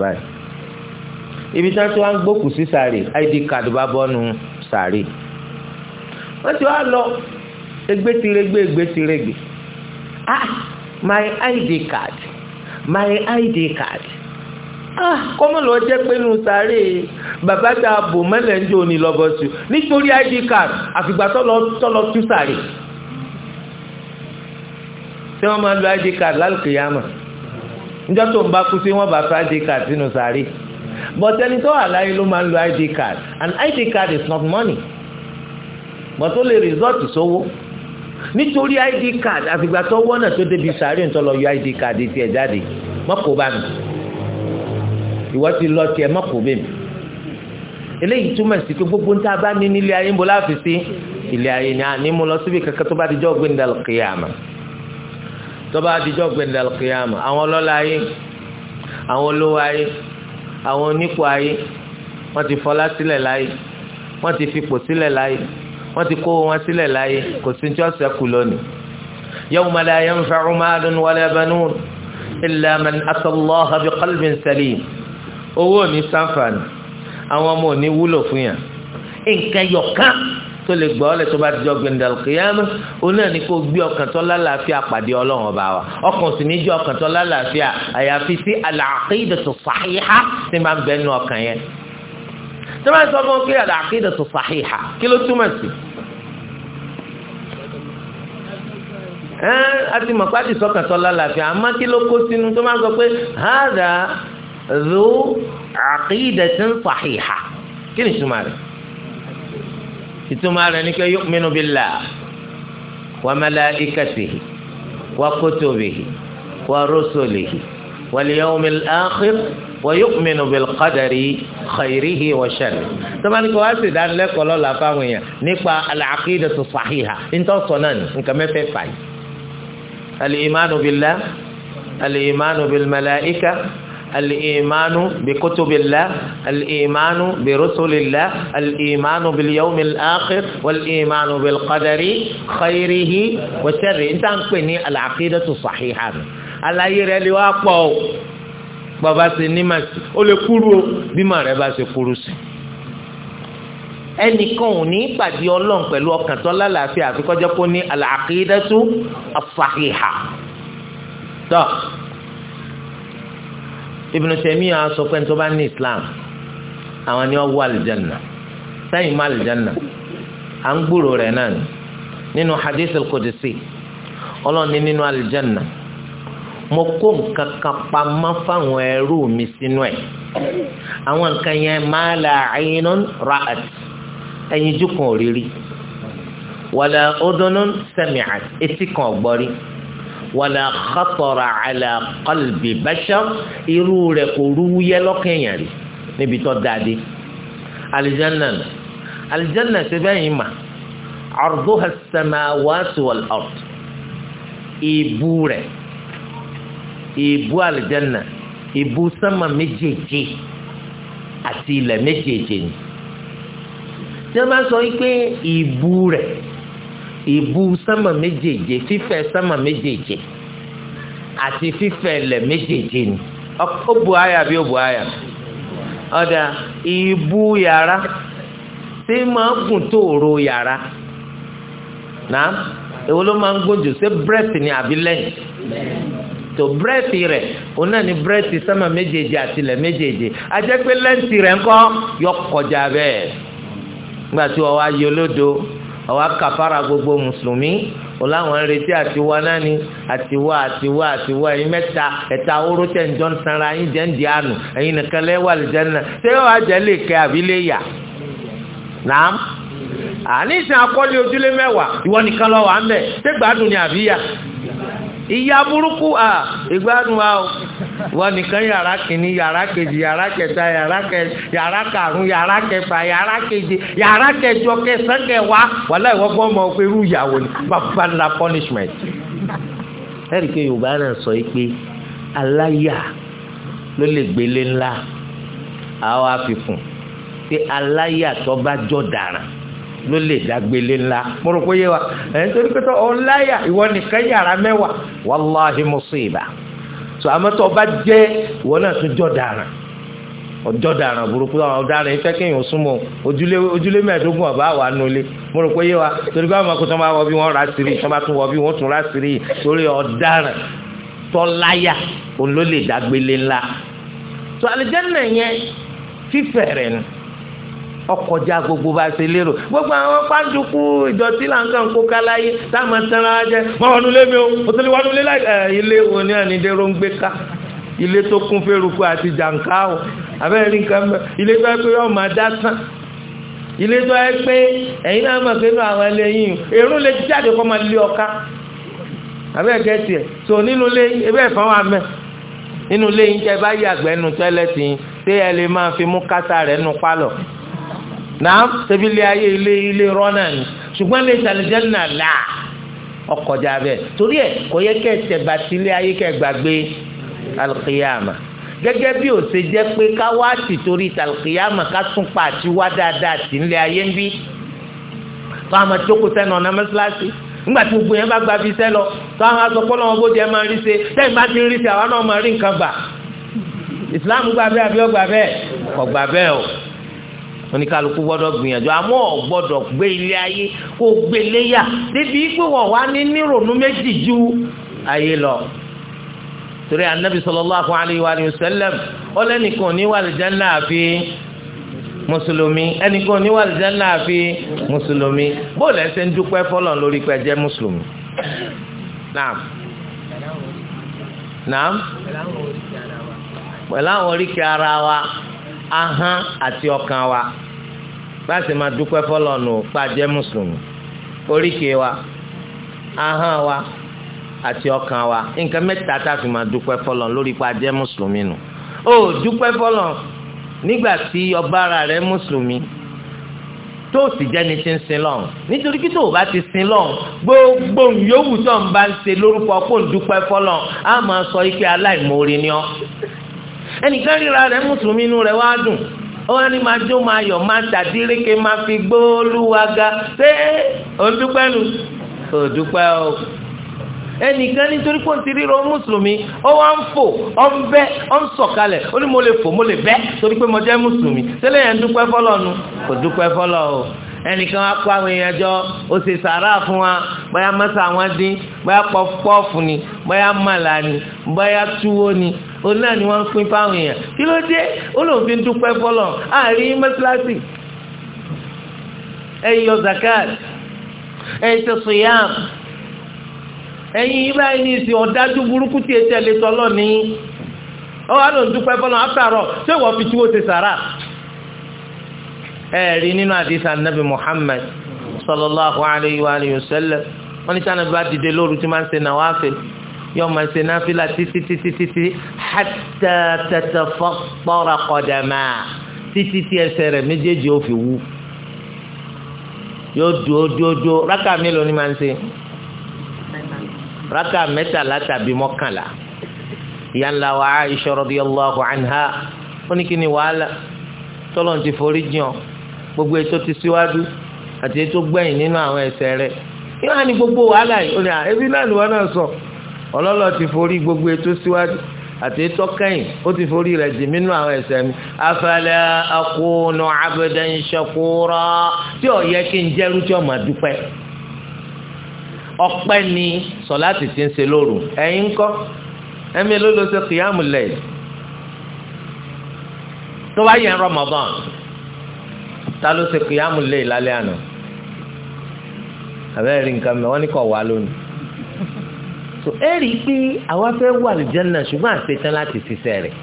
lọ ibi tí wọ́n ti wá ń gbókù sí sàárè id card bá bọ́nu sàárè wọ́n ti wá lọ egbetirégbe egbetirégbe ah my id card my id card ah kọ́mọ̀ lọ jẹ́ pé nù sàárè bàbá tá a bò mẹ́lẹ̀ ń jò ní lọ́bọ̀ sí nítorí id card àfìgbà tọ́lọ tọ́lọ tú sàárè tí wọ́n máa lo id card lálùkìyàmà níjọ́ tó ń bá kú sí wọ́n bá fẹ́ id card sínú sàárè but ẹni tó wà láyé ló máa ń lo id card and id card is not money but ó lè result sówó nítorí id card àfìgbà tó wọ́n náà tó débi sàárè ń tọ́ lọ yọ id card tiẹ̀ jáde mọ́kò bá mi ìwọ ti lọ tiẹ̀ mọ́kò bẹ́ẹ̀ mi eléyìí túmọ̀ sí pé gbogbo níta bá ní nílé ayé ń bọ́ láàfin sí ilé ayé ni àní mo lọ síbi kankan tó bá di jọ́ gbẹ̀ndà kìyàmà tó bá di jọ́ gbẹ̀ndà kìyàmà àwọn ọlọ́lá ayé àwọn olówó ayé àwọn onípò ayé wọ́n ti fọlá sílẹ̀ láyé wọ́n ti fipò sílẹ̀ láyé wọ́n ti kó wọn sílẹ̀ láyé kò sí tí ọ̀sẹ̀ kù lónìí. yawma la yanfa'u malun wala banun illa man ata Allaha bi qalbin salim owó ò ní ṣàǹfààní àwọn ọmọ ò ní wúlò fún yàn nǹkan yọ̀kan tó lè gbọ́ lẹ̀ tó bá dijọ́ gbẹ̀ndàlù kìyàmù òun náà ní kó gbé ọkàn tó lálàáfíà pàdé ọlọ́run ọba wa ọkàn sì ní jẹ́ ọkàn tó lálàáfíà àyàfi sí al-aqidatu sahiha tí máa ń bẹ nínú ọkàn yẹn tí wọ́n sọ fún pé al-aqidatu sahiha kí ló túmọ̀ sí. a ti mọ̀ pàtì sọ́kàn tó lálàáfíà àmọ́ kí ló kó sínú tó máa ń sọ pé hàdà zu aqidatin sahiha kí ìtumọ̀ rẹ̀ ni pé yu'minu billah wa malaikatihi wa kutubihi wa rusulihi wal yawmil akhir wa yu'minu bil qadari khayrihi wa sharrihi. tọ́mọ̀nì kò wá sí ìdánilẹ́kọ̀ọ́ lọ́la fáwọn èèyàn nípa al-aqidatu sahiha ntọ́sọ̀ náà nǹkan mẹ́fẹ́ fàyè. al-imanu billah al-imanu bil malaika. الإيمان بكتب الله الإيمان برسل الله الإيمان باليوم الآخر والإيمان بالقدر خيره وشره انت أنكني العقيدة الصحيحة على يرى لواقو bàbá ṣe ní màá sí ó lè kúrú o bí màá rẹ bá ṣe kúrú sí. ẹnìkan ò ní pàdé ọlọ́run pẹ̀lú ọkàn tó lálàáfíà àfikọ́jọ́ kó ní al-aqidatu as-sahiha. tó Ibn Taymiyyah sọ pé tó bá ní Islam àwọn ni wọ́n wọ àlìjánà sẹ́yìn má àlìjánà à ń gbúrò rẹ̀ náà nínú hadith al-Qudsi ọlọ́ọ̀ni nínú àlìjánà mo kó nǹkan kan pamọ́ fáwọn ẹrú mi sínú ẹ̀ àwọn nǹkan yẹn ma la aynun ra'at ẹ̀yinjú kan ò rí rí wala etí kan ò wàlà xatọ̀rọ̀ àlà qalbi bashar irú rẹ̀ kò rúwúyẹ́ lọ́kàn èèyàn rí níbi tó dáadé alìjánà alìjánà ṣe bẹ́ẹ̀ yìí mà arduha as-samawati wal ard ìbú rẹ̀ ìbú alìjánà ìbú sánmà méjèèjì àti ilẹ̀ méjèèjì ni tí wọ́n bá sọ wípé ìbú rẹ̀ ìbú sánmà méjèèje fífẹ̀ sánmà méjèèje àti fífẹ̀ ilẹ̀ méjèèje ni ó bu àyà bí ó bu àyà ọ̀dà ìbú yàrá tí máa gùn tóòró yàrá náà èwo ló máa ń gùn jù ṣé brẹ́tì ni àbí lẹ́yìn tó brẹ́tì rẹ̀ òun náà ni brẹ́tì sánmà méjèèje àti ilẹ̀ méjèèje àjẹpẹ́ lẹ́ǹtì rẹ̀ ńkọ́ yọ kọjá bẹ́ẹ̀ nígbà tí wọ́n wá yọ lódo àwa kàfàrà gbogbo mùsùlùmí ọláwọn ń retí àtiwá náà ni àtiwá àtiwá àtiwá ẹ̀yin mẹ́ta ẹ̀ta oró tẹ̀ ń jọ́n sanra ẹ̀yin jẹ́ ń di àánú ẹ̀yin nìkan lẹ́wà lè jẹ́ nínú ṣé wàá jẹ́ lè kẹ́ àbí lè yà nàám àní ìsìn akọ́lé ojúlé mẹ́wàá ìwọ nìkan lọ wà ṣé gbádùn ni àbí yà ìyá burúkú à ìgbádùn wa o wọ́n nìkan yàrá kìíní yàrá kejì yàrá kẹta yàrá kẹ yàrá karùn yàrá kẹfà yàrá keje yàrá kẹjọ kẹsàn kẹwàá wàhálà ìwọ́gbọ́n ọmọ òfin irú ìyàwó ni bàbá ńlá punishment. ẹ̀rí pé yorùbá náà sọ yìí pé aláyà ló lè gbélé ńlá àwọn àfihàn pé aláyà tó bá jọ dàrán ló lè dágbélé ńlá mo rò pé yé wa ẹ̀ ń torí pé tó ọ̀ ńláyà ìwọ nìkan yàrá mẹ́wàá wàláhi mùsíbà so àmọ́tọ́ ọba jẹ́ ìwọ náà tún jọ dàrán ọjọ́ dàrán burúkú àwọn ọ̀daràn ìfẹ́ kéèyàn súnmọ́ ojúlé ojúlé mẹ́ẹ̀ẹ́dógún ọ̀bá wà nulẹ̀ mo rò pé yé wa torí báwọn ọmọ akutọ́ máa wọ bí wọ́n rà sírí tọ́ bá tún wọ bí wọ́n tún rà sírí torí ọ̀daràn tọ́láyà òun ló lè dágbélé ńlá so àlùjànnà yẹn fífẹ̀ rẹ̀ nù ọkọjá gbogbo bá ṣe lérò gbogbo àwọn pàǹdùkú ìdọ̀tí là ń kàn kó káláyé táwọn sanra jẹ wọn wọnú lé mi o mo tún lè wọnú lé láì ilé wo ni ànídẹ́rọ ń gbé ká ilé tó kún fẹ́rùkú àti jàǹká o abẹ́rẹ́ nǹkan mẹ́ ilé tó ẹgbẹ́ yóò máa dá sán ilé tó ẹgbẹ́ ẹ̀yin náà mọ̀ pé inú àwọn ẹlẹ́yìn èrú lè jáde kọ́ máa lé ọká abẹ́rẹ́ gẹ̀ẹ́sì ẹ̀ tó nínú ilé ebẹ́ ẹ̀fọn wa mẹ́ inú ilé yín tẹ́ bá yí àgbẹ̀ nu tẹ́lẹ̀ tì yín tẹ́ ẹ lè máa fi mú kásá rẹ̀ nu pálọ̀ náà sẹ́bílẹ̀ ayé ilé ile rọ́nà ni ṣùgbọ́n lè ṣàlìjẹ́ nà là ọkọjà bẹ́ẹ̀ torí ẹ̀ kò yẹ kẹ́ ẹ̀ tẹ̀gbà sí ilé ayé kẹ́ ẹ̀ gbàgbé alùkìyàmà gẹ́gẹ́ bí ó ṣe jẹ́ pé ká wá ti torí alùkìyàmà ká tún pa àti wá dáadáa sí ilé ayé ń bí fáwọn àtòkù sẹ́nu ọ̀nà mẹ́sàlásì nígbà tí gbogbo yẹn bá gba fi sẹ́ lọ fáwọn asọ̀kọ́lọ́ wọn bó jẹ́ máa rí ṣe tẹ́yìn bá ti rí ṣe àwa náà máa nǹkan gbà ìsìláàmù gbà bẹ́ẹ̀ àbí ọgbà bẹ́ẹ̀ ọgbà bẹ́ẹ̀ o oníkálukú gbọ́dọ̀ gbìyànjú àmọ́ ọ̀gbọ́dọ̀ gbé ilé ayé kó gbé léyà débi pé wọ́n wá ní nírònú méjì ju ayé lọ. torí anabi sallallahu alayhi wa sallam ọlẹ́nìkan ní wàlẹ̀ jẹ́nà àfi mùsùlùmí ẹnìkan ní wàlẹ̀ jẹ́nà àfi mùsùlùmí bóòlù ẹsẹ̀ ń dúpẹ́ fọlọ́n lórí pé jẹ́ mùsùlùmí. naam naam pẹ̀lú àwọn oríkèé ara wa ahọ́n àti ọkàn wa bá a sì máa dúpẹ́ fọlọ́nù pàjẹ́ mùsùlùmí oríkèé wa ahọ́n wa àti ọkàn wa nǹkan mẹ́ta tá a fi máa dúpẹ́ fọlọ́n lórí pàjẹ́ mùsùlùmí nù ó dúpẹ́ fọlọ́n nígbà tí ọba ara rẹ̀ mùsùlùmí tó sì jẹ́ni tí ń sin lọ́hùn nítorí kí tó o bá ti sin lọ́hùn gbogbo yòówù tó ń bá ń ṣe lórúkọ kó ń dúpẹ́ fọlọ́n á máa sọ ike aláìmoore ni ọ́ ẹnìkan ríra rẹ̀ mùsùlùmí inú rẹ̀ wá dùn ó wá ní máa jó máa yọ̀ máa tàdíréke máa fi gbóòlùwàga ṣé òdúpẹ́ nu òdúpẹ́ o ẹnìkan nítorí pé ó ti ríra mùsùlùmí ó wá ń fò ó ń bẹ́ ó ń sọ̀kalẹ̀ ó ní mo lè fò mo lè bẹ́ torí pé mo jẹ́ mùsùlùmí tẹ́lẹ̀ yẹn dúpẹ́ fọlọ́ nu kò fọlọ́ o ẹnìkan wá kó àwọn èèyàn jọ ó ṣe fún wa bóyá wọn dín ni bóyá ni bóyá òun náà ni wọ́n ń pín fáwọn èèyàn kí ló dé ó lòun fi ń dúpẹ́ fọlọ́ àárín mẹ́tíláṣì ẹ̀yin yọ zakat ẹ̀yin ti sùyàm ẹ̀yin ibà yìí ní ìsìn ọ̀dájú burúkú tí etí ẹ̀ lè tọ́lọ́ ní ọ wà lòun dúpẹ́ fọlọ́ àtàrọ̀ ṣé ìwọ fi tiwó ti sàrà ẹ̀rí nínú àdìsá nàbì Muhammad sallallahu alayhi wa sallam wọ́n ní sànàbí bá dìde lóru tí máa ń ṣe yóò máa ṣe náfìlà títí títí títí hatta tatafattara qadama títí tí ẹsẹ̀ rẹ̀ méjèèjì ó fi wú yóò dúó dúó dúó rákà mélòó ni máa ń ṣe rákà mẹ́tàlá tàbí mọ́kànlá ìyá ńlá wa Aisha radiyallahu anha ó ní kí ni wàhálà tọ́lọ́n ti forí jìn gbogbo ètò ti síwájú àti ètò gbẹ̀yìn nínú àwọn ẹ̀ṣẹ̀ rẹ̀ yóò hàn ní gbogbo wàhálà yìí ó ní àbí náà ni wọ́n náà sọ ọlọ́lọ́ ti forí gbogbo ètò síwájú àti ètò kẹ́yìn ó ti forí rẹ̀ jì mí nínú àwọn ẹ̀ṣẹ̀ mi. afala akunu abdan shakura tí ò yẹ kí n jẹ́rú tí ó máa dúpẹ́ ọpẹ́ ni sọ̀láàtì ti ń ṣe lóru ẹ̀yin ńkọ́ ẹ̀mí ló ló ṣe kìyàmù lẹ̀ tó bá yẹ Ramadan ta ló ṣe kìyàmù lẹ̀ lálẹ́ àná àbẹ́rẹ́ nǹkan mi wọ́n ní kọ̀ wá lónìí so ẹ rí i pé àwa fẹ́ wà ní Janna ṣùgbọ́n àṣetán láti ṣiṣẹ́ rẹ̀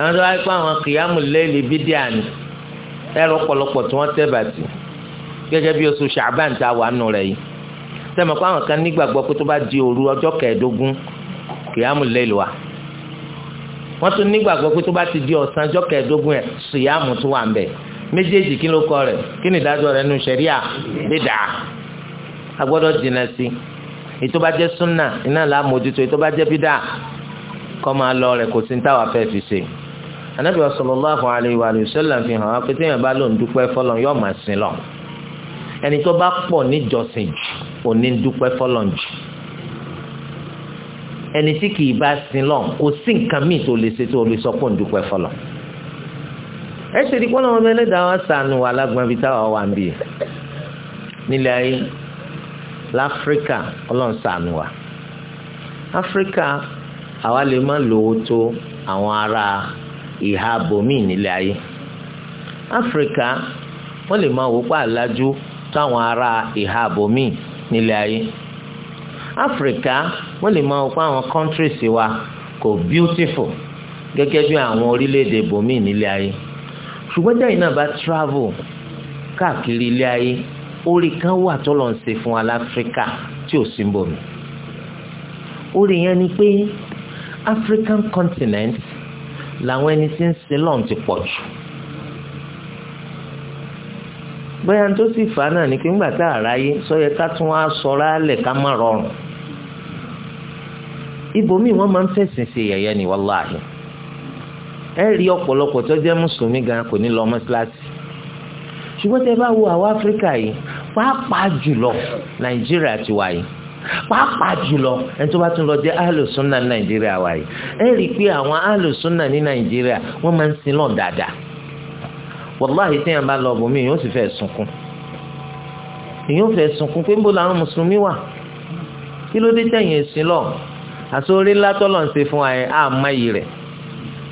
àwọn tó wáyé pé àwọn kìyàmù lẹ́ẹ̀lì bídíà ni ẹ̀rọ pọ̀lọpọ̀ tí wọ́n tẹ́ bàtì gẹ́gẹ́ bí oṣù Ṣàbán tá a wà nù rẹ̀ yìí sẹ́mi pé àwọn kan nígbàgbọ́ pé tó bá di òru ọjọ́ kẹẹ̀ẹ́dógún kìyàmù lẹ́lù wa wọ́n tún nígbàgbọ́ pé tó bá ti di ọ̀sán ọjọ́ kẹẹ̀ẹ́dógún ẹ̀ sìyàmù tún wà ń bẹ̀ méjèèjì kí ló kọ rẹ̀ kí ni ìdájọ́ rẹ̀ nù sẹ́ríà bídà a gbọ́dọ̀ sí i ètò bá jẹ́ súnà iná là á mójútó ètò bá jẹ́ bídà kọ́ máa lọ rẹ̀ kò sí ní táwa fẹ́ fi ṣe anabi sallallahu alayhi wa sallam fi hàn wá pé téèyàn bá lòun dúpẹ́ fọlọ́n yóò máa sin lọ ẹni tó bá pọ̀ níjọsìn jù òní dúpẹ́ fọlọ́n jù ẹni tí kì í bá sin lọ kò sí nǹkan míì tó lè ṣe tó lè sọ pé òun dúpẹ́ fọlọ́n ẹ ṣe di pọ́nlọ́wọ́n bẹ́ẹ̀ lẹ́dàá wá sànù láfíríkà ọlọ́run ṣàánú wa áfíríkà àwa lè má lówó tó àwọn ará ìhà bòmíì nílé ayé áfíríkà wọ́n lè máa wò pa àlájú táwọn ará ìhà bòmíì nílé ayé áfíríkà wọ́n lè máa wò pa àwọn countries wa kò beautiful gẹ́gẹ́ bí àwọn orílẹ̀-èdè bòmíì nílé ayé ṣùgbọ́n jẹ́ ìnáà bá travel káàkiri ilé ayé orí kan wà tó lọ́n ṣe fún wa láfíríkà tí ò sí bòmí orí yẹn ni pé African continent làwọn ẹni tí ń ṣe lọ́n ti pọ̀ jù bóyá tó sì fà á náà ni pé ńgbà tá a ráyé sọyẹ ká tún wá sọra lẹ̀ ká má rọrùn ibòmíì wọ́n máa ń fẹ̀sìn ṣe yẹ̀yẹ́ ni wàláhì ẹ rí ọ̀pọ̀lọpọ̀ tó jẹ́ mùsùlùmí gan kò ní lọ mọ́síláṣí ṣùgbọ́n tẹ bá wo àwọn áfíríkà yìí pàápàá jùlọ nàìjíríà ti wáyé pàápàá jùlọ ẹni tó bá tún lọ jẹ ahlùsúnà ní nàìjíríà wáyé ẹ rí i pé àwọn ahlùsúnà ní nàìjíríà wọn máa ń sin lọ dáadáa wàláhì tí yẹn bá lọ bòmí yóò sì fẹ́ sunkún yóò fẹ́ sunkún pé níbo làwọn mùsùlùmí wà kí ló dé tẹ̀yìn ẹ̀sìn lọ àsórí ńlá tọ́lọ̀ ń ṣe fún wa yẹn àmọ́ yìí rẹ̀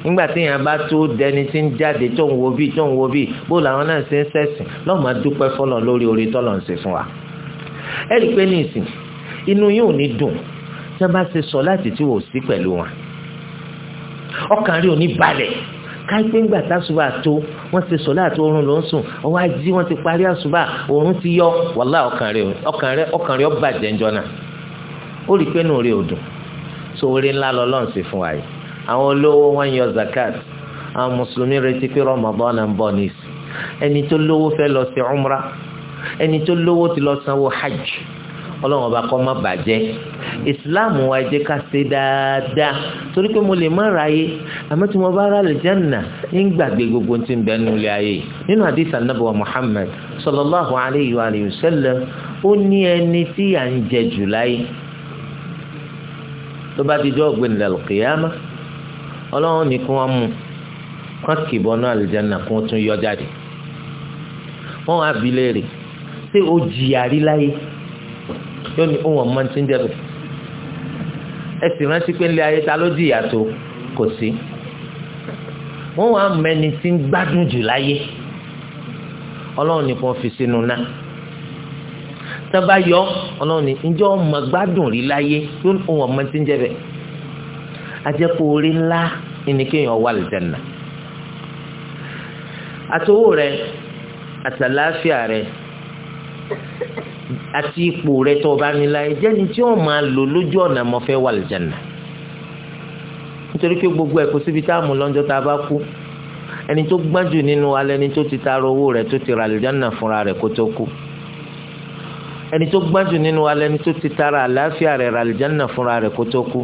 nígbà tí èèyàn bá tó dẹni tí ń jáde tó ń wo bí tó ń wo bí bó làwọn náà ṣe ń sẹ̀sìn lọ́ọ́ máa dúpẹ́ fọlọ́ lórí orí tọ́lọ̀ ń ṣe fún wa. ẹ rí i pé ní ìsìn inú yóò ní dùn tí wọ́n bá ṣe sọ láti tí wò sí pẹ̀lú wọn. ọkàn rí òní balẹ̀ káyipé ńgbà tásùbà tó wọ́n ṣe sọ láti oorun ló ń sùn ọwọ́ ají wọ́n ti parí àsùbà oorun ti yọ wàlá ọkàn rí ọkàn rí ọkàn rí ó bàjẹ́ ńjọ́ náà ó rí i pé inú rí òdùn so orí ńlá lọ́lọ́run ṣe fún wa yìí àwọn olówó wọn yọ zakat àwọn mùsùlùmí retí pé Ramadan ń bọ̀ ní ìsìn ẹni tó lówó fẹ́ lọ sí umra ẹni tó lówó ti lọ sanwó hajj ọlọ́run ọba kọ́ má bàjẹ́ ìsìláàmù wa jẹ́ ká ṣe dáadáa torí pé mo lè má ra ayé àmọ́ tí mo bá rà lè jẹ́nà ń gbàgbé gbogbo tí ń bẹ nínú ilé ayé nínú àdìs anábọ̀ Muhammad sallallahu alayhi wa alihi ó ní ẹni tí à ń jẹ jù láyé tó bá ti jọ́ ọ̀gbìn lẹ́lọ́kìyàmá ọlọ́run ní kí wọ́n mú kán kìbọn náà àlùjáná kí wọ́n tún yọ jáde wọ́n wá bi léèrè ṣé o jìyà rí láyé yóò ní ohun ọmọ tí ń jẹ bẹ́ẹ̀ ẹ sì rántí pé nílé ayé ta ló jìyà tó kò sí wọ́n wá mẹ́ni tí ń gbádùn jù láyé ọlọ́run ní fi sínú náà tán bá yọ ọlọ́run ọmọ gbádùn rí láyé yóò ọmọ tí ń jẹ bẹ́ẹ̀ ajẹ́pọ̀ orí ńlá ìní kéèyàn wà lìjànà àtòwò rẹ àtàláfíà rẹ àti ipò rẹ tó o bá ní láyé jẹ́ni tí wọ́n máa lò lójú ọ̀nà mo fẹ́ wà lìjànà nítorí pé gbogbo ẹ̀kọ́ síbi tá a mú lọ́njọ́ tá a bá kú ẹni tó gbájú nínú wa lẹni tó ti taara owó rẹ̀ tó ti ra àlùjáná fúnra rẹ̀ kó tó kú ẹni tó gbájú nínú wa tó ti taara àlàáfíà rẹ̀ ra àlùjáná fúnra rẹ̀ kó tó kú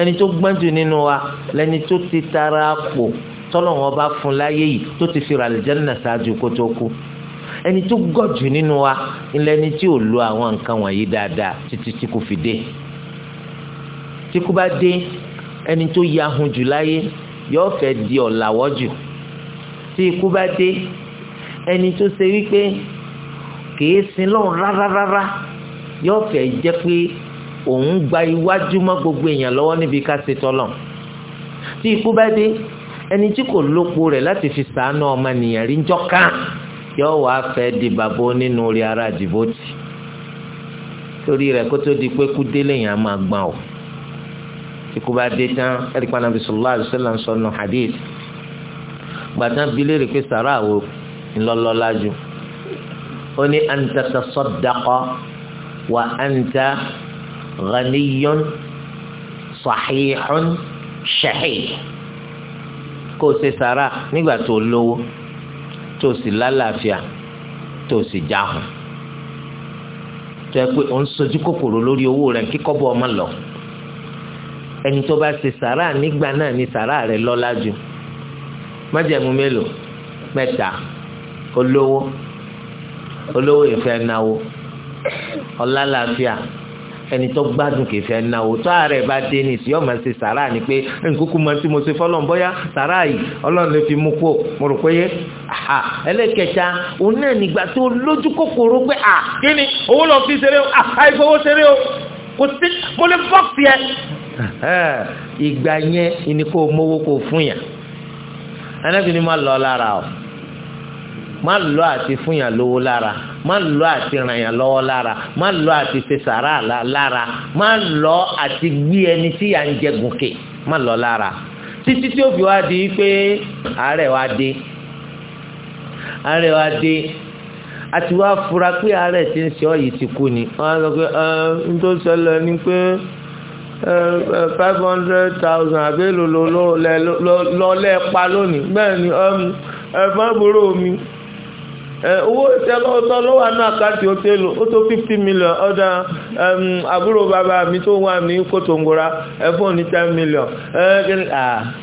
ẹni tó gbọ́njú nínú wa lẹni tó ti tara pò tọ́lọ́wọ́n bá fún láyé yìí tó ti fi ràlẹ̀ jẹ́nà ṣáájú kó tó kú ẹni tó gọ̀jù nínú wa lẹni tí ò lo àwọn nǹkan wọ̀nyí dáadáa títí tí kò fi dé tí kò bá dé ẹni tó yahun jù láyé yóò fẹ́ di ọ̀làwọ́ jù tí ikú bá dé ẹni tó ṣe wípé kìí sin lọ́run rárá rárá yóò fẹ́ jẹ́ pé òun gba iwájú mọ́ gbogbo èèyàn lọ́wọ́ níbi ká ṣe tọ́lọ̀ tí ikú bá dé ẹni tí kò lópo rẹ̀ láti fi sàánú ọmọnìyàn rí njọ́ kan yóò wá fẹ́ di bàbá onínú orí ara jìbòtì torí rẹ̀ kó tó di pé kú délé yẹn á máa gbọ́n o ikú bá dé tán ẹ̀ríkà nàbì sallallahu alaihi wasallam sọnù hadith gbàtàn bilérì pé sàrà àwò ńlọlọ́lájú ó ní anta tasaddaqa wa anta ghaniyun sahihun شحيح kó o ṣe sàrà nígbà tó lówó tó o sì lálàáfíà tó o sì jáhùn tó yẹ pé o ń sojú kòkòrò lórí owó rẹ kíkọ́ bọ́ ọmọ lọ ẹni tó bá ṣe sàrà nígbà náà ni sàrà rẹ lọ́lá jù májẹ̀mú mélòó mẹ́ta olówó olówó ìfẹ́ náwó ọlálàáfíà ẹni tó gbádùn kìí fẹ́ náwó tó ààrẹ bá dé ní ìsìn ọmọ ṣe sàrà ni pé nkúkú máa tí mo ṣe fọlọ́n bọ́yá sàrà yìí ọlọ́run lè fi mú kó mo rò pé ẹlẹ́kẹta òun náà nígbà tó lójú kòkòrò pé à kí ni owó lọ fi ṣeré o àìfowó ṣeré o kò sí mo lè bọ́ọ̀sì ẹ. ìgbà yẹn ni kò mówó kò fún yàn anábìnrin máa lọ lára o má lọ àti fúnyàn lówó lára má lọ àti ràyàn lọ́wọ́ lára má lọ àti ṣe sàrà lára má lọ àti gbé ẹni tí à ń jẹ gòkè má lọ lára títí tí ó fi wá di pé àárẹ̀ wá dé àárẹ̀ wá dé àti wá fura pé àárẹ̀ ti ń ṣe ọ́ yìí ti kú ni wọ́n á sọ pé ẹ ń tó ṣẹlẹ̀ ni pé five hundred thousand àbí èlò lọ́lẹ́ pa lónìí bẹ́ẹ̀ ni ẹ̀fọn àbúrò mi owó ìtẹ́lọ́tọ́ ló wà ní àkáǹtì òtẹ́lù ó tó fifty million ọ̀dà àbúrò bàbá mi tó wà ní kòtòǹgòrà ẹ̀fọ́n ní ten million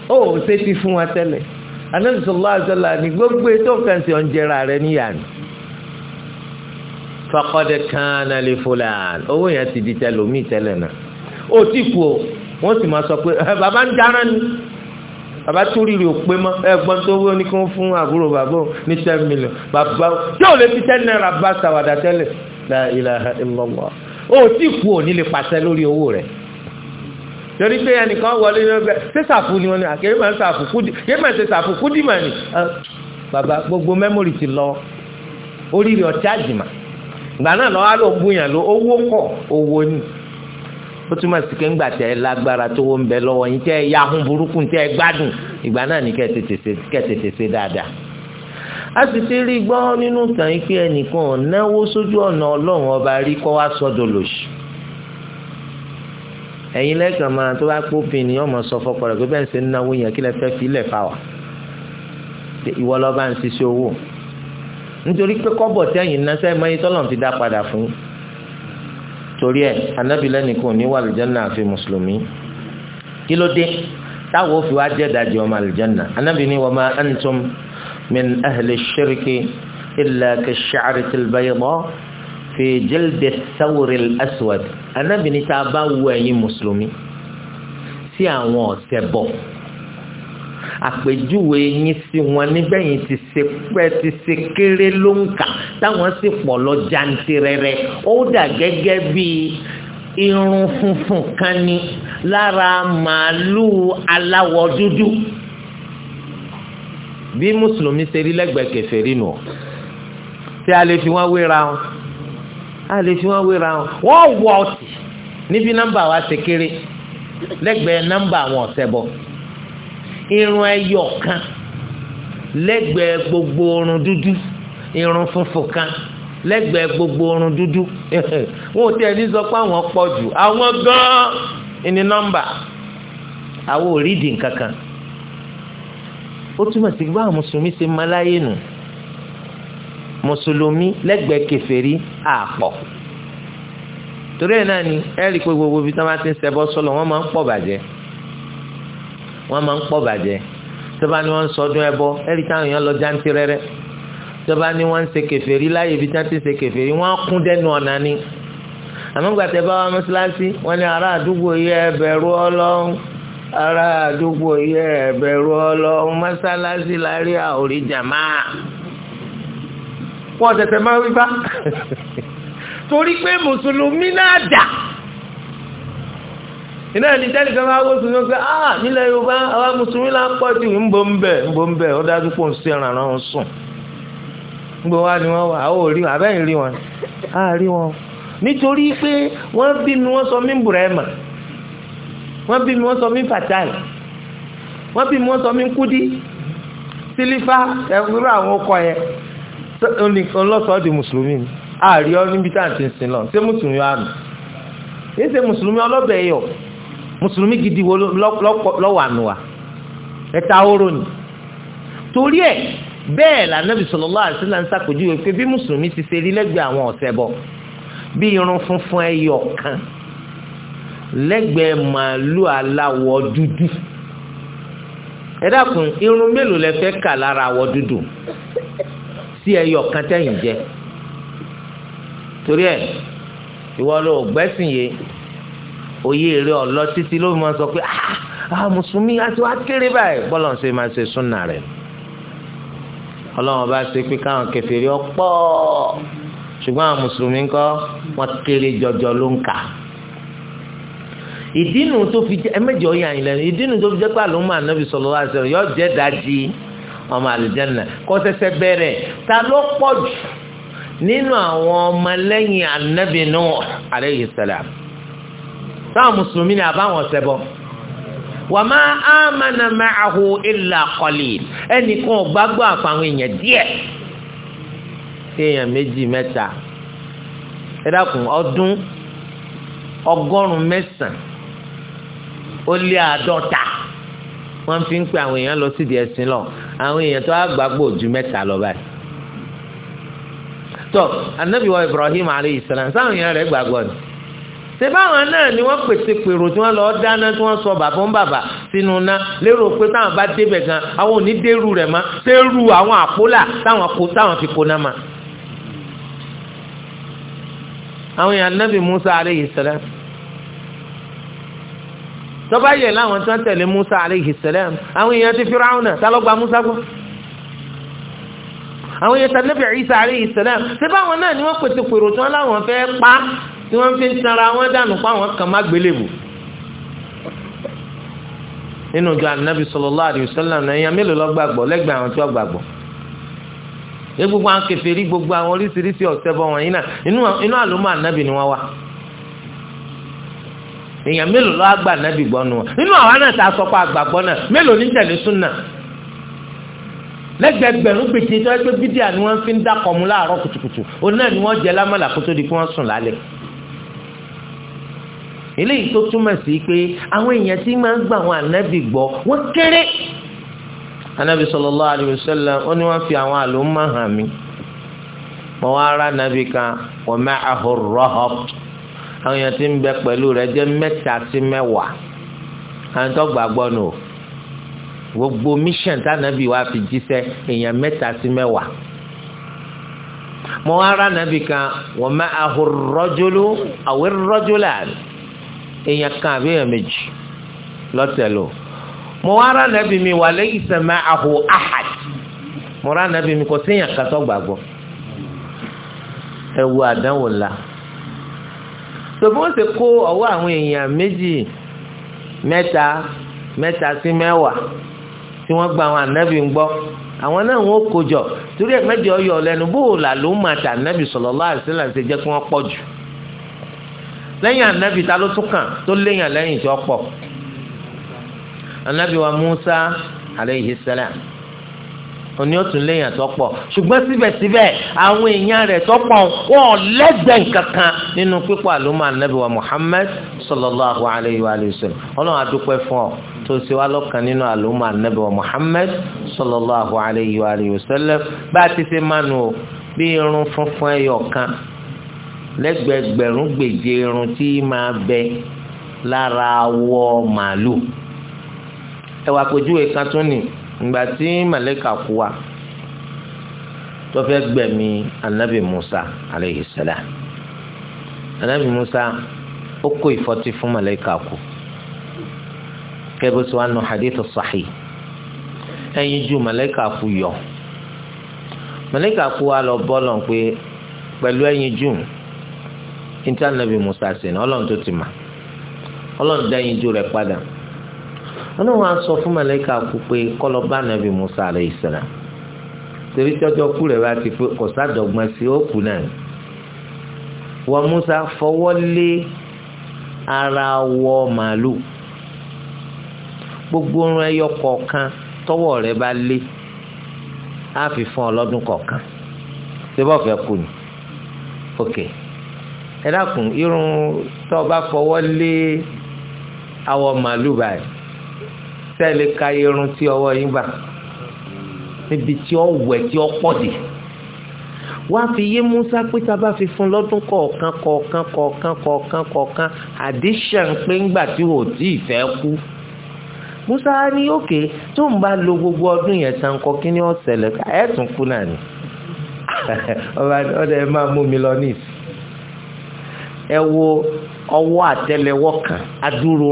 ó ṣe ti fún wa tẹ́lẹ̀ anẹ́sọ̀lá àṣọlá ní gbogbo ètò fẹ̀sì ọ̀njẹ̀rà rẹ̀ níyàní faqad kana li fulan owó yẹn ti di tẹlomi tẹ́lẹ̀ náà ó ti kú o wọ́n sì máa sọ pé bàbá ń dáná ni bàbá tó rírì òpè mọ́ ẹ̀gbọ́n tó wé oníkó fún àbúrò bàbá ní ten million bàbá yóò lè fi ten naira bá sàwàdà tẹ́lẹ̀ la ilaha illallah ó tí kú òní lè pàṣẹ lórí owó rẹ̀ torí pé ẹnìkan wọlé lọ́gbẹ́ ṣé sàfù ni wọ́n ní àkèrè máa ń sàfù kúdì kèrè máa ń ṣe sàfù kúdì mà ní. bàbá gbogbo mẹ́mórì ti lọ oríire ọ̀tí àjìmà ìgbà náà lọ́wọ́ ló ń bùyàn lọ owó kọ̀ owó ni ó túmọ̀ sí pé ńgbà tẹ lágbára tó wọ́n ń bẹ lọ́wọ́ yín tẹ yahun burúkú tẹ gbádùn ìgbà náà ní kẹ́ tètè ṣe dáadáa. a sì ti rí gbọ́ nínú ìtàn yìí pé ẹnìkan náwó sójú ọ̀nà ọlọ́run ọba rí kọ́ wá sọ́dọ̀ lòṣì. ẹ̀yin lẹ́kàn máa tó bá pófin ni ọmọ sọ fọpọ rẹ̀ pé bẹ́ẹ̀ ṣe ń náwó yẹn kí lẹ fẹ́ fi ilẹ̀ fà wá ìwọ lọ́ba ń ṣiṣẹ́ owó nítorí pé kọ́bọ̀ tẹ́yìn náà sẹ́yìn mọ́yìn tọ́lọ́run ti dá torí ẹ anabi lẹ́nìkan ní wà lùjánà àfi mùsùlùmí kí ló dé táwọn òfin wa jẹ́ ìdajì ọmọ àlùjánà anabi ní wa ma antum min ahli shirki illa kash'ari tilbayda fi jildi sawri aswad anabi ní tá a bá wù ẹ̀yin mùsùlùmí sí àwọn ọ̀sẹ̀ bọ̀ àpèjúwe yín sí wọn nígbẹ̀yìn ti ṣe pẹ́ ti ṣe kéré ló ń kà táwọn sì pọ̀ lọ jantirẹrẹ ó dà gẹ́gẹ́ bíi irun funfun kan ni lára màálùú aláwọ̀ dúdú bí mùsùlùmí ṣe rí lẹ́gbẹ̀ẹ́ kèfèrí nù tí a lè fi wọ́n wéra wọn a lè fi wọ́n wéra wọn wọ́n wọ ọtí níbi nọ́mbà wa ṣe kéré lẹ́gbẹ̀ẹ́ nọ́mbà wọn ọ̀sẹ̀ bọ̀ irun ẹyọ kan lẹ́gbẹ̀ẹ́ gbogbo irun dúdú irun funfun kan lẹ́gbẹ̀ẹ́ gbogbo irun dúdú wọn ò tẹ ẹni sọ pé àwọn pọ̀ jù àwọn gan-an ní nọ́mbà àwọn ò rídìí nǹkan kan ó túmọ̀ sí báwọn mùsùlùmí ṣe máa láyé nù mùsùlùmí lẹ́gbẹ̀ẹ́ kèfèrí àpọ̀ torí ẹ̀ náà ni ẹ̀ rí i pé gbogbo ibi tí wọ́n bá ti ń ṣẹbọ sọ́lọ̀ wọ́n máa ń pọ̀ bàjẹ́ wọ́n máa ń pọ̀ bàjẹ́ tọ́ba ni wọ́n ń sọdún ẹbọ ẹ̀rí táwọn èèyàn lọ jáǹtì rẹ́rẹ́ tọ́ba ni wọ́n ń ṣe kẹfẹ́rí láyé ibi jáǹtì ṣe kẹfẹ́rí wọ́n á kún dẹ́nu ọ̀nà ni àmọ́ gbàtẹ́ bá wa mọ́ṣáláṣí wọ́n ní ará àdúgbò yẹ ẹ̀bẹ̀rù ọlọ́run ará àdúgbò yẹ ẹ̀bẹ̀rù ọlọ́run mọ́ṣáláṣí lárí àórí jàmá wọ́n tẹ̀tẹ̀ máa wí bá torí pé mùsùlùmí náà dà iná ẹni tẹ́lẹ̀ kan máa wọ́n sunu pé ah nílẹ̀ yorùbá àwa mùsùlùmí là ń pọ̀ jù ń bọ̀ ń bẹ̀ ń bọ̀ ń bẹ̀ ó dájú pé òun sí ẹran náà ń sùn ń bọ̀ ni wọ́n wà ó rí wọn abẹ́yìn rí wọn á rí wọn nítorí pé wọ́n bí mi wọ́n sọ mí bùrẹ́mà wọ́n bí mi wọ́n sọ mí fatai wọ́n bí mi wọ́n sọ mí kúdí sílífà ẹ̀fúrú àwọn ọkọ̀ yẹn nìkan di mùsùlùmí ni àárí ọ níbi tá à ń ti sin lọ ṣé mùsùlùmí wà nù yé ṣe mùsùlùmí ọlọ́bẹ̀ yọ̀ mùsùlùmí gidi wo lọ́wọ́ ànúwà ẹ̀ta oró ni torí ẹ̀ bẹ́ẹ̀ lànàbì sallallahu alaihi wasallam ń ṣàpèjúwe pé bí mùsùlùmí ti ṣe rí lẹ́gbẹ̀ẹ́ àwọn ọ̀ṣẹbọ bí irun funfun ẹyọ kan lẹ́gbẹ̀ẹ́ màálù aláwọ̀ dúdú ẹ dákun irun mélòó lẹ fẹ́ kà lára àwọ̀ dúdú sí ẹyọ kan tẹ̀yìn jẹ torí ẹ̀ ìwọ ló gbẹ́sìn yìí òye èrè ọ̀lọ́ títí ló fi máa sọ pé ah, ah mùsùlùmí àti wàá kéré báyìí bọ́lá ń ṣe máa ṣe súnà rẹ̀ ọlọ́run bá ṣe pé káwọn kèfèrí ọ̀pọ̀ ṣùgbọ́n àwọn mùsùlùmí ńkọ́ wọ́n kéré jọjọ ló ń kà ìdínú tó fi jẹ ẹmẹjọ yà yín lẹ́nu ìdínú tó fi jẹ pé àlùmọ ànábì sọlọ wá sẹrẹ yọ jẹ dájí ọmọ àlùjẹnà kọ ṣẹ̀ṣẹ̀ bẹ̀rẹ̀ ta ló pọ̀ jù nínú àwọn ọmọlẹ́yìn ànábì Nuh alayhi salam sáwọn mùsùlùmí ni àbáwọn ṣẹbọ wà má amana ma'ahu illa qalil ẹnìkan gbàgbọ́ àfàwọn èèyàn díẹ̀ èèyàn méjì mẹ́ta ẹ dákun ọdún ọgọ́rùn-ún mẹ́sàn-án ó lé àádọ́ta wọ́n fi ń pe àwọn èèyàn lọ sídìí ẹ̀sìn lọ àwọn èèyàn tó àgbàgbọ́ ju mẹ́ta lọ báyìí. tó anabi Ibrahim alayhi salam sáwọn èèyàn rẹ̀ gbàgbọ́ ni ṣe báwọn náà ni wọ́n pèsè pèrò tí wọ́n lọ dáná tí wọ́n sọ bàbá ń bàbá sínú ná lérò pé táwọn bá débẹ̀ gan àwọn ò ní dérú rẹ̀ mọ́ dérú àwọn àpólà táwọn kó táwọn fi kóná ma. àwọn èèyàn nábì Musa aleyhi sẹlẹm tọ́ba yẹ láwọn tí wọ́n tẹ̀lé Musa aleyhi sẹlẹm àwọn èèyàn ti Fíráúnà tá ló gba Musa gbọ́ àwọn èèyàn tẹ̀lé Isa aleyhi sẹlẹm ṣe báwọn náà ni wọ́n pèsè pèrò tí wọ́n láwọn fẹ́ pa tí wọ́n fi ń tanra wọn dànù pa àwọn kan má gbélébù nínú ìjọ anabi sallallahu alaihi wasallam ẹ̀yàn mélòó ló gbàgbọ́ lẹ́gbẹ̀ẹ́ àwọn tí wọ́n gbàgbọ́ ní gbogbo àwọn kèfèrí gbogbo àwọn oríṣiríṣi ọ̀sẹ̀ bọ̀ wọ̀nyí náà inú àlùmọ́ anabi ni wọ́n wà èèyàn mélòó ló gbà anabi gbọ́ nu wọn nínú àwọn náà tá a sọ pé àgbàgbọ́ náà mélòó ní tẹ̀lé súnà lẹ́gbẹ̀gbẹ̀rún gbèjì tó ẹgbẹ́ bídíà ni wọ́n fi ń dákọ̀ọ́mú láàárọ̀ kùtùkùtù òun náà ni wọ́n jẹ lámàlà kó tó di kí wọ́n sùn lálẹ́ eléyìí tó túmọ̀ sí pé àwọn èèyàn tí máa ń gbà àwọn ànábì gbọ́ wọ́n kéré anabi sallallahu alayhi wa ó ní wọ́n fi àwọn àlùmọ hàn mí ara anabi kan wa ma'ahu rahab àwọn èèyàn tí ń bẹ pẹ̀lú rẹ̀ jẹ́ mẹ́ta sí gbogbo mission tànàbí wa fi jíṣẹ́ èèyàn mẹ́ta sí mẹ́wàá anabi kan èèyàn kan àbí èèyàn méjì lọ́tẹ̀lò mo wá rà nàbí mi wà lẹ́yìn sẹ́mẹ́ àhò ahad mo rà nàbí mi kò séèyàn kan tó gbàgbọ́ ẹ wo àdánwò ńlá tòbí wọ́n ti kó ọwọ́ àwọn èèyàn méjì mẹ́ta mẹ́ta sí mẹ́wàá tí wọ́n gba àwọn ànábì ń gbọ́ àwọn náà wọ́n kó jọ torí ẹ̀ mẹ́jọ yọ lẹ́nu bó ló ń mà tà ànábì sallallahu alaihi wasallam ṣe jẹ́ kí wọ́n pọ̀ jù lẹ́yìn anabi ta ló tún kàn tó léyìn lẹ́yìn tó pọ̀ anabi wa musa aleyhi salam òní ó tún léyìn tó pọ̀ ṣùgbọ́n síbẹ̀síbẹ̀ àwọn èèyàn rẹ̀ tó pọ̀ wọn lẹ́gbẹ̀ẹ́ kankan nínú pípọ̀ àlùmọ́ anabi wa muhammad sallallahu alayhi wa sallam ọlọ́run adúpẹ́ fún ọ tó ṣe wá lọ́kàn nínú àlùmọ́ anabi wa muhammad sallallahu alayhi wa sallam bá a ti ṣe mánu o bí irun funfun ẹyọ kan lẹ́gbẹ̀gbẹ̀rún gbèje irun tí máa bẹ lára awọ màálù ẹwà àpèjúwe kan tún nì ìgbà tí màlẹ́kà kú wa tó fẹ́ gbẹ̀mí anabi musa aleyhi salam anabi musa ó kó ìfọ́tí fún màlẹ́kà kú kẹ́bùsùn wa nù hadith sahih ẹyin ju màlẹ́kà kú yọ màlẹ́kà kú wa lọ bọ́ lọ́n pé pẹ̀lú ẹyin níta nàbì Musa sí ni ọlọ́run tó ti mà ọlọ́run dá yín ju rẹ̀ padà ọlọ́run á sọ fún màlàíkà kú pé kó lọ bá nàbì Musa alayhi salam torí tọ́jọ́ kú rẹ̀ bá ti pé kò sádọ́gbọ́n sí ó kú náà wọ Musa fọwọ́ lé ara wọ màálù gbogbo orun ẹyọ kọ̀ọ̀kan tọ́wọ́ rẹ̀ bá lé á fi fún ọ lọ́dún kọ̀ọ̀kan ṣé fẹ́ kú ni ok ẹ dákun irun tó bá fọwọ́ lé awọ màálù báyìí sẹ́ẹ̀lì ka irun tí ọwọ́ yín gbà níbi tí ó wẹ̀ tí ó pọ̀ dé wá fi yé musa pé tá a bá fi fún lọ́dún kọ̀ọ̀kan kọ̀ọ̀kan kọ̀ọ̀kan kọ̀ọ̀kan kọ̀ọ̀kan addition pé ńgbà tí ò tí ì fẹ́ kú musa ní òkè tó ń bá lo gbogbo ọdún yẹn tán kọ kí ni ó ṣẹlẹ̀ ẹ̀ tún kú náà ni ọ̀dọ̀ ẹ máa mú mi lọ níìsí ẹ wo ọwọ́ kan adúró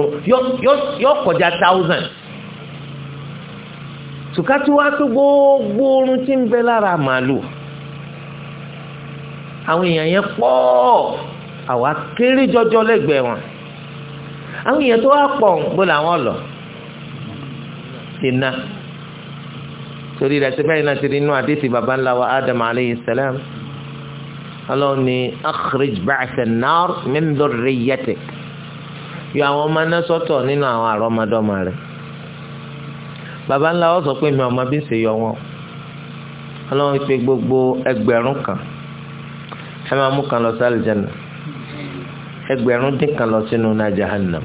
yọ kọjá thousand tó gbogbo oorun tí ń bẹ lára màálù àwọn èèyàn yẹn pọ̀ àwa kéré jọjọ lẹ́gbẹ̀ẹ́ wọn àwọn èèyàn tó làwọn lọ torí bẹ́ẹ̀ náà ti rí inú àdéhìí ńlá wa Adam aleyhi ọlọ́run ní akhrij ba'than nar min dhurriyyatik yọ àwọn ọmọ náà sọ́tọ̀ nínú àwọn àrọ́mọdọ́mọ rẹ̀ baba ńlá wọn sọ pé mi ọmọ bí ń ṣe yọ wọn ọlọ́run pé gbogbo ẹgbẹ̀rún kan ẹ máa mú kan lọ sí àlùjáná ẹgbẹ̀rún dín kan lọ sínú iná jahannam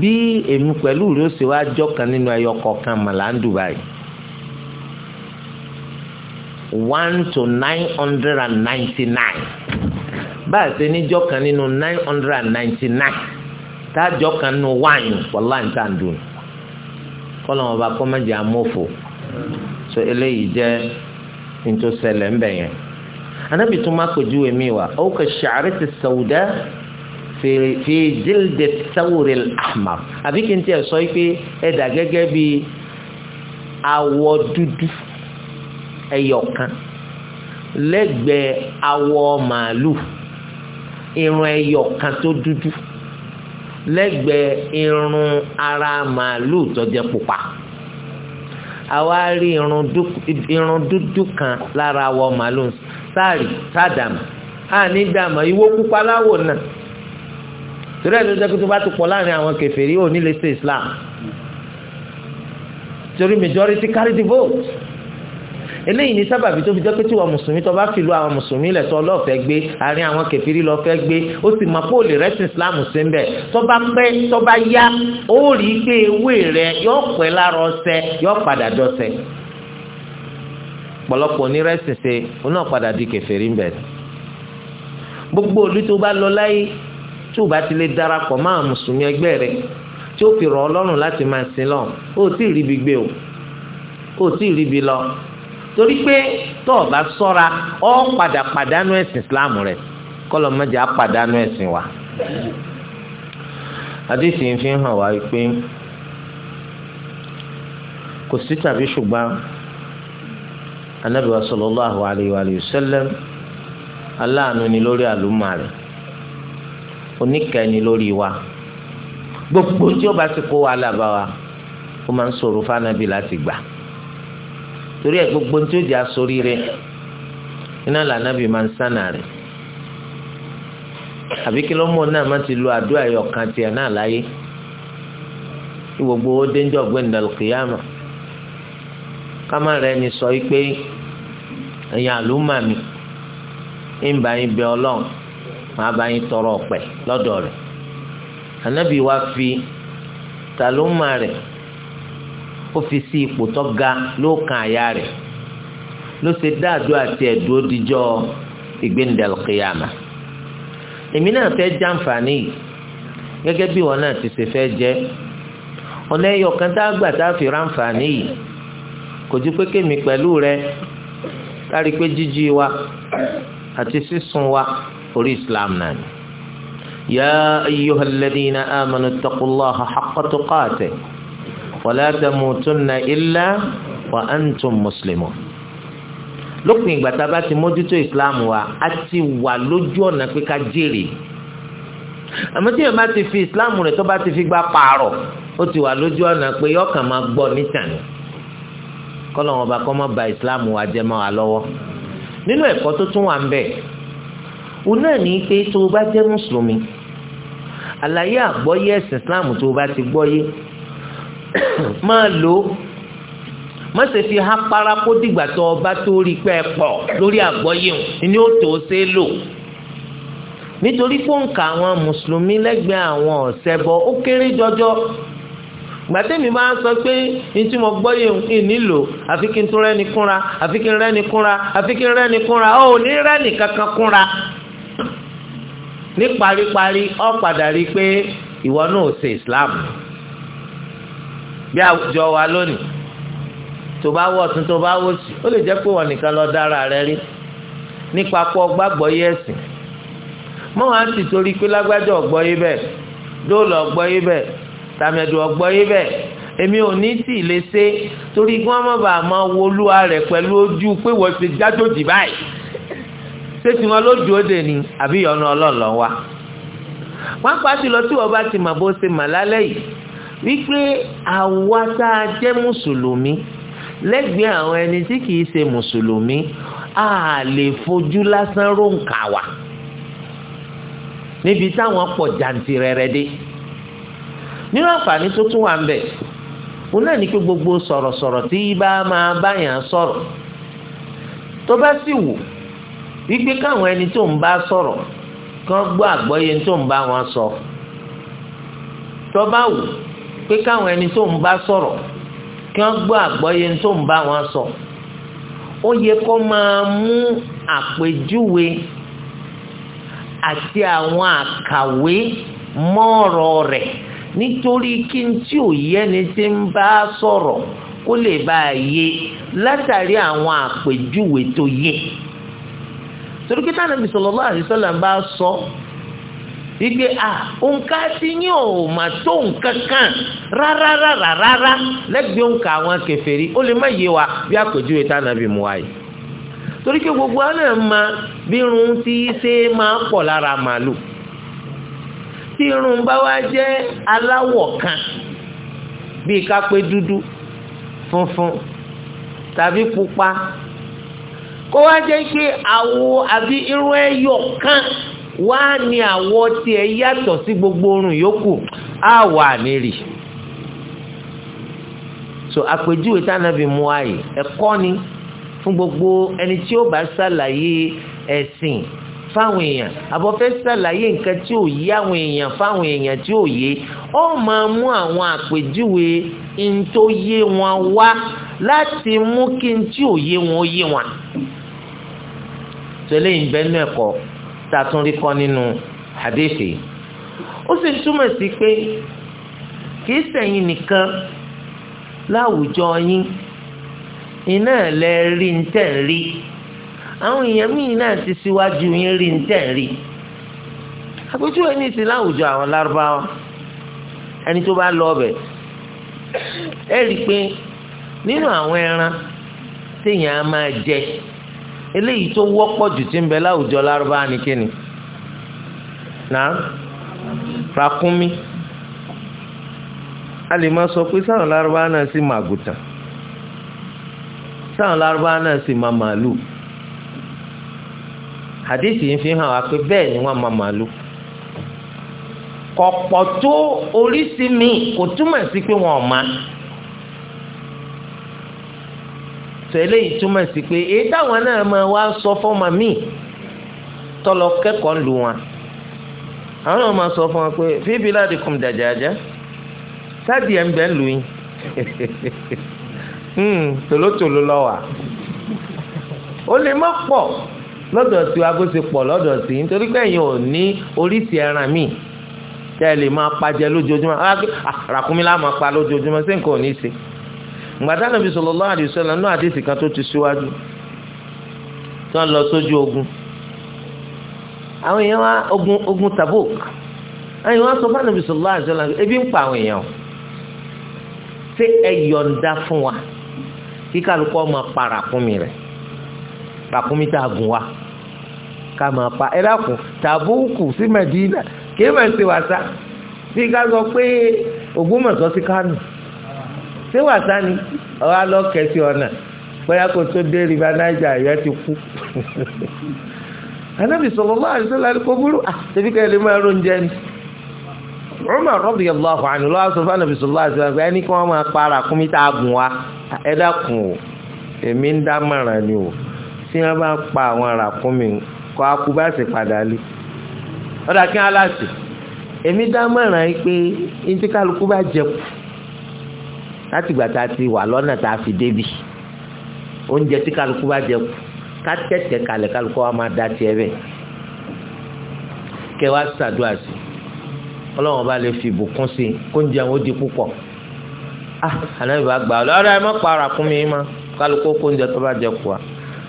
bí èmi pẹ̀lú rẹ̀ ó sì wá jọ́ kan nínú ẹyọ kọ̀ọ̀kan màlá ń Dubai one to nine hundred and ninety nine bá a ṣe níjọ́ kan nínú nine hundred and ninety nine tájọ́ kan nínú wáyìn wàlá nǹkan àdùn kọ́lọ́mù ọba kọ́mẹ́jì amófo so eléyìí jẹ́ ntòsẹ̀lẹ̀ ńbẹ̀ yẹn anabi tún má pèjú èmi wa ó kà ṣàárẹ̀ ti sàwùdá fi jíldẹ̀ sàwùrẹ̀ àmà àbí kí n tiẹ̀ sọ pé ẹ̀dà gẹ́gẹ́ bí awọ dúdú ẹyọ kan lẹ́gbẹ̀ẹ́ awọ màálù irun ẹyọ kan tó dúdú lẹ́gbẹ̀ẹ́ irun ara màálù tó jẹ́ pupa àwa rí irun dúdú kan lára awọ màálù sáàrì sádàmù àní dàmà ìwọ pupa láwò náà torí ẹ̀ ló jẹ́ pé tó bá ti pọ̀ láàrin àwọn kèfèrí ò ní lè ṣe Islam torí majority carry the vote eléyìí ní sábàbí tó fi jẹ́ pé tí wọ́n mùsùlùmí tó bá fi lu àwọn mùsùlùmí lẹ̀ tó lọ́ọ̀fẹ́ gbé àárín àwọn kẹfìrí lọ́ọ̀fẹ́ gbé ó sì mọ póòlì rẹ́sìn islam sí bẹ̀ tó bá pẹ́ tó bá yá ó rí i pé ewé rẹ̀ yóò pẹ́ lára ọsẹ yóò padà dọ́sẹ̀ pọ̀lọpọ̀ ní rẹ́sìn ṣe òun náà padà di kẹfìrí ń bẹ̀ gbogbo òlu tó bá lọ láyé tí bá ti lè darapọ̀ mọ́ mùsùlùmí ẹgbẹ́ torí pé tó o bá sọ́ra ọ́ padà pàdánù ẹ̀sìn islam rẹ̀ kọ́lọ́ mẹ́jọ á pàdánù ẹ̀sìn wa. àdìsí fi ń hàn wá pé kò sí tàbí ṣùgbọ́n anabi sallallahu alayhi wa sallam aláàánú ni lórí àlùmọ́ rẹ̀ oníkẹ́ni lórí wa gbogbo tí ó bá ti kó wa lábá wa ó máa ń ṣòro fánábì láti gbà torí ẹ gbogbo ní tí ó di asoríire iná lànàbì máa ń sànà rẹ àbí kí ló mọ náà má ti lo àdúrà yọ kan tiẹ náà láyé kí gbogbo ó dé ń jọ gbé ndàlùkìyàmà ká má rẹ ni sọ yìí pé ẹ̀yin àlùmà ń bá yín bẹ ọlọ́run màá bá yín tọrọ ọ̀pẹ lọ́dọ̀ rẹ̀ ànábì wá fi tàlùmà rẹ̀ ó fi sí ipò tó ga ló kan àyà rẹ̀ ló ṣe dáàdó àti ẹ̀dó dijọ́ ìgbéǹdàlùkìyàmà èmi náà fẹ́ jàǹfààní yìí gẹ́gẹ́ bí wọn náà ti ṣe fẹ́ jẹ́ ọ̀nà ẹyọ kan tá a gbà tá a fi ráǹfààní yìí kò ju pé kémi pẹ̀lú rẹ kárí pé jíjí wa àti sísun wa orí Islam náà ni. ya ayyuhalladhina amanu taqullaha haqqa tuqatihi wala tamutunna illa wa antum muslimun lópin ìgbà tá a bá ti mójútó ìsìláàmù wa a ti wà lójú ọ̀nà pé ká jèrè àmọ́ tí èèyàn bá ti fi ìsìláàmù rẹ̀ tó bá ti fi gbá pààrọ̀ ó ti wà lójú ọ̀nà pé ọkàn máa gbọ́ nítàn kọ́lọ̀ wọn bá kọ́ mọ́ ba ìsìláàmù wa jẹ́ mọ́ wa lọ́wọ́ nínú ẹ̀kọ́ tó tún wà ń bẹ̀ òun náà ní pé tó o bá jẹ́ mùsùlùmí àlàyé àgbọ́yé ẹ̀sìn ìsìláàmù tó o bá ti gbọ́yé máa lò ó má ṣe fi há parako dìgbà tó o bá tó rí pẹ́ pọ̀ lórí àgbọ́yé o ni ó tó o ṣe lò nítorí pòǹkà àwọn mùsùlùmí lẹ́gbẹ̀ẹ́ àwọn ọ̀ṣẹbọ ó kéré jọjọ gbàtẹ́mi máa ń sọ pé ní tí mo gbọ́ yìí ń nílò àfi kí n tún rẹ́ni kúnra àfi kí n rẹ́ni kúnra àfi kí n rẹ́ni kúnra ó ní rẹ́ni kankan kúnra ní paríparí ó padà rí i pé ìwọ náà ò ṣe Islam bí àwùjọ wa lónìí tó bá wọ̀ tún tó bá wò sí ó lè jẹ́ pé wọ́n nìkan lọ dára rẹ rí nípa pọ̀ gbàgbọ́ yé ẹ̀sìn mọ́ wá sì torí pé lágbájọ́ ọ̀gbọ́ yé bẹ́ẹ̀ dóòlù ọ̀gbọ́ yé bẹ́ẹ̀ tàmẹ̀dù ọ̀gbọ́ yé bẹ́ẹ̀ èmi ò ní tì lè ṣe torí kí wọ́n má bàa máa wo olúwa rẹ̀ pẹ̀lú ojú pé wọ́n ti jájòjì báyìí ṣé tiwọn lójú òde ni àbí ìyọnu ọlọ́ọ̀lọ́ wa wọ́n pàṣẹ lọ tí wọ́n bá ti mà bó ṣe mà lálẹ́ yìí wípé àwa tá a jẹ́ mùsùlùmí lẹ́gbẹ̀ẹ́ àwọn ẹni tí kìí ṣe mùsùlùmí a lè fojú lásán rónkà wà níbi táwọn pọ̀ jàǹtìrẹrẹ dé nínú àǹfààní tó tún wà ń bẹ òun náà ní pé gbogbo sọ̀rọ̀sọ̀rọ̀ tí bá máa báyàn sọ̀rọ̀ tó bá sì wù wípé káwọn ẹni tó ń bá sọ̀rọ̀ kán gbọ́ àgbọ́yé tó ń bá wọn sọ tó bá wù pé káwọn ẹni tó ń bá sọ̀rọ̀ kí wọ́n gbọ́ àgbọ́yé tó ń bá wọn sọ ó yẹ kó máa mú àpèjúwe àti àwọn àkàwé mọ́ọ̀rọ̀ rẹ̀ nítorí kí n tí ò yẹni tí ń bá sọ̀rọ̀ kó lè bá a yé látàrí àwọn àpèjúwe tó yẹ torí kí táwọn Ànábì sallallahu alaihi wasallam ń bá sọ. So, ike a òǹkà tí yín ò mà tó nǹkan kan rárárárárá lẹ́gbẹ̀ẹ́ òǹkà àwọn kèfèrí ó lè má yé wa bí àpèjúwe tá nàbì mú wa yìí torí pé gbogbo wa náà ma bí irun tí ṣe máa pọ̀ lára màlúù tí irun bá wá jẹ́ aláwọ̀ kan bíi ká dúdú funfun tàbí pupa kó wá jẹ́ pé àwo àbí irun ẹyọ kan wá ní àwọ̀ tí ẹ yàtọ̀ sí gbogbo orun yòókù á wà nírì so àpèjúwe tánàbí mú ààyè ẹ̀kọ́ ni fún gbogbo ẹni tí ó bá ṣàlàyé ẹ̀sìn fáwọn èèyàn àbọ̀fẹ́ ṣàlàyé nǹkan tí ò yé àwọn èèyàn fáwọn èèyàn tí ò yé ó máa mú àwọn àpèjúwe n tó yé wọn wá láti mú kí n tí ò yé wọn yé wọn tẹ́lẹ̀ ìbẹ́nu ẹ̀kọ́ tatúndí kọ́ nínú hadithi ó sì túmọ̀ sí pé kìí sẹ̀yìn nìkan láwùjọ yín iná lẹ rí ń tẹ̀ ń rí àwọn èèyàn míì náà ti síwájú yín rí ń tẹ̀ ń rí àpèjúwe ní ìsìn láwùjọ àwọn lárúbáwá ẹni tó bá lọ ọbẹ̀ ẹ rí i pé nínú àwọn ẹran téèyàn á máa jẹ eléyìí tó wọ́pọ̀ jù ti ń bẹ láwùjọ lárúbá ni kíni nà a lè máa sọ pé sáwọn lárúbá náà sì máa gùtàn sáwọn lárúbá náà sì máa màálù àdéhìí fi hàn wá pé bẹ́ẹ̀ ni wọ́n máa màálù kọ̀pọ̀ tó mi kò túmọ̀ sí pé wọ́n tẹ́lẹ̀ ìtumọ̀ sí pé èyí táwọn náà máa wá sọ fọ́mọ mi tọ́lọ kẹ́kọ̀ọ́ lu wọn àwọn náà máa sọ fún wọn pé fífi láti kùn dàjàjà sáàdì ẹ̀ ń bẹ́ lu yín hmm, tòlótòló lọ́wà ó lè má pọ̀ lọ́dọ̀ tí wa bó ṣe pọ̀ lọ́dọ̀ tí nítorí pé ẹ̀yin ò ní oríṣi ẹran míì tẹ́ ẹ lè máa pajẹ lójoojúmọ́ ah, ràkúnmí lá máa pa lójoojúmọ́ sí ò ní í ṣe gbàtà nàbí sallallahu alaihi wasallam náà àdìsí kan tó ti síwájú tí wọ́n lọ sójú ogun àwọn èèyàn wa ogun ogun Tabuk àwọn èèyàn wa sọ fún nàbí sallallahu alaihi wasallam ebi ń pa àwọn èèyàn ṣé ẹ yọ̀ǹda fún wa kí kálukú ọmọ para fún mi rẹ̀ ràkúnmí tá a gùn wa ká máa pa ẹ dákun tàbúkù sí Mẹdínà kí ẹ máa ṣe wàṣà bí ká sọ pé Ògbómọ̀ṣọ́ sí Kánò ṣé wàsá ni ọwọ́ alọ́kẹ́ sí ọ̀nà bóyá kò tó dé rìbá náíjà ìyá ti kú anabi sallallahu alaihi wasallam kò burú àtẹbí ah, kẹlẹ máa rún jẹ ni Umar radiyallahu anhu lọ sọ fún anabi sallallahu alaihi wasallam ẹni kí wọn máa para kúmi tá a gùn wa ẹ dákun o èmi ń dá mọ̀ràn ni o tí wọn bá pa àwọn ará kúmi kọ akú bá sì padà lé ọ̀dà kí wọn aláṣẹ èmi dá mọ̀ràn yìí pé ní tí kálukú bá jẹ kù láti ìgbà tá a ti wà lọ́nà tá a fi débi oúnjẹ tí kálukú bá jẹ kù ká tẹ̀tẹ̀ kalẹ̀ kálukú wa máa da tiẹ̀ bẹ̀ kẹ wá ṣàdúrà sí ọlọ́wọ́n bá lè fi ìbùkún sí i àwọn ó di púpọ̀ ah ànábì bá gbà ọ́ ọ̀rẹ́ mọ́ para kún mi mọ́ kálukú kó oúnjẹ tó bá jẹ kù wa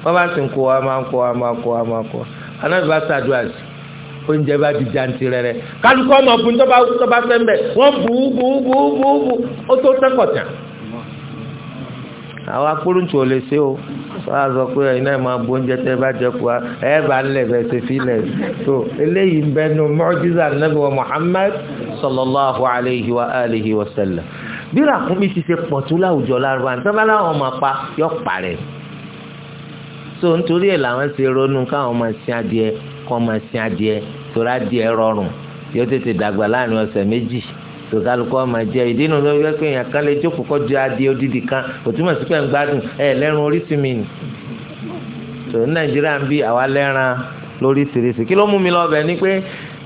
wọ́n bá sì ń kó wa máa ń kó wa máa ń kó wa máa ń kó wa ànábì bá ṣàdúrà sí oúnjẹ bá di janti rẹrẹ kálukọ ọmọ bu tó bá tó bá fẹ́ mbẹ wọ́n bu bu bu bu bu ó tó tẹ́kọ̀tà. àwọn akpọ́rùntù ò lè ṣe o wọ́n á sọ pé ẹ̀yin náà máa bu oúnjẹ tẹ́ bá jẹ kú wa ẹ̀ bá ńlẹ̀ bẹ́ẹ̀ ṣe fi lẹ̀ tó eléyìí bẹnu mọ́jísà nàbí wa Muhammad sallallahu alayhi wa alihi wa sallam bí ràkúnmí ti ṣe pọ̀tún láwùjọ lárúbá nítorí láwọn máa pa yọ parẹ́ so nítorí ẹ̀ làwọn ṣe ronú káwọn máa ṣe adìẹ kọ́ máa sin adìẹ torí adìẹ rọrùn yóò tètè dàgbà láàrin ọ̀sẹ̀ méjì tó kálukọ́ máa jẹ ìdí inú ló yẹ pé èèyàn kan lè jókòó kọ́ ju adìẹ odidi kan kò túmọ̀ sí pé ń gbádùn ẹ lẹ́run oríṣi mi nì tó nàìjíríà ń bí àwa lẹ́ran lóríṣiríṣi kí ló mú mi lọ bẹ̀ ni pé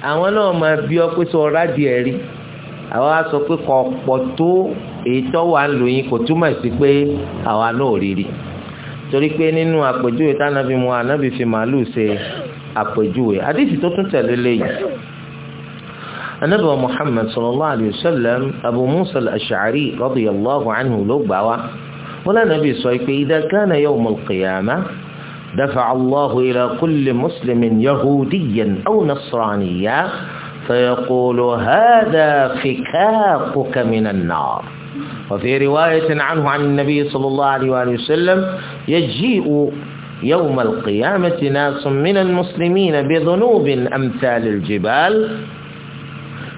àwọn náà máa bí ọ pé sọ ọ̀rá díẹ̀ rí àwa sọ pé kò pọ̀ tó èyí wà ń lò yín kò túmọ̀ sí pé àwa náà rí rí torí pé nínú àpèjúwe tánàbí mu ànábì àpèjúwe àdìsí tó tún tẹ̀lé léyìí anabi wa muhammad sallallahu alayhi wa sallam abu musa al-ash'ari radiyallahu anhu ló gbà wá wọn lánàbí sọ pé idha kana yawm al-qiyamah دفع الله إلى كل مسلم يهوديا أو نصرانيا فيقول هذا فكاكك من النار وفي رواية عنه عن النبي صلى الله عليه وآله وسلم يجيء يوم القيامة ناس من المسلمين بذنوب أمثال الجبال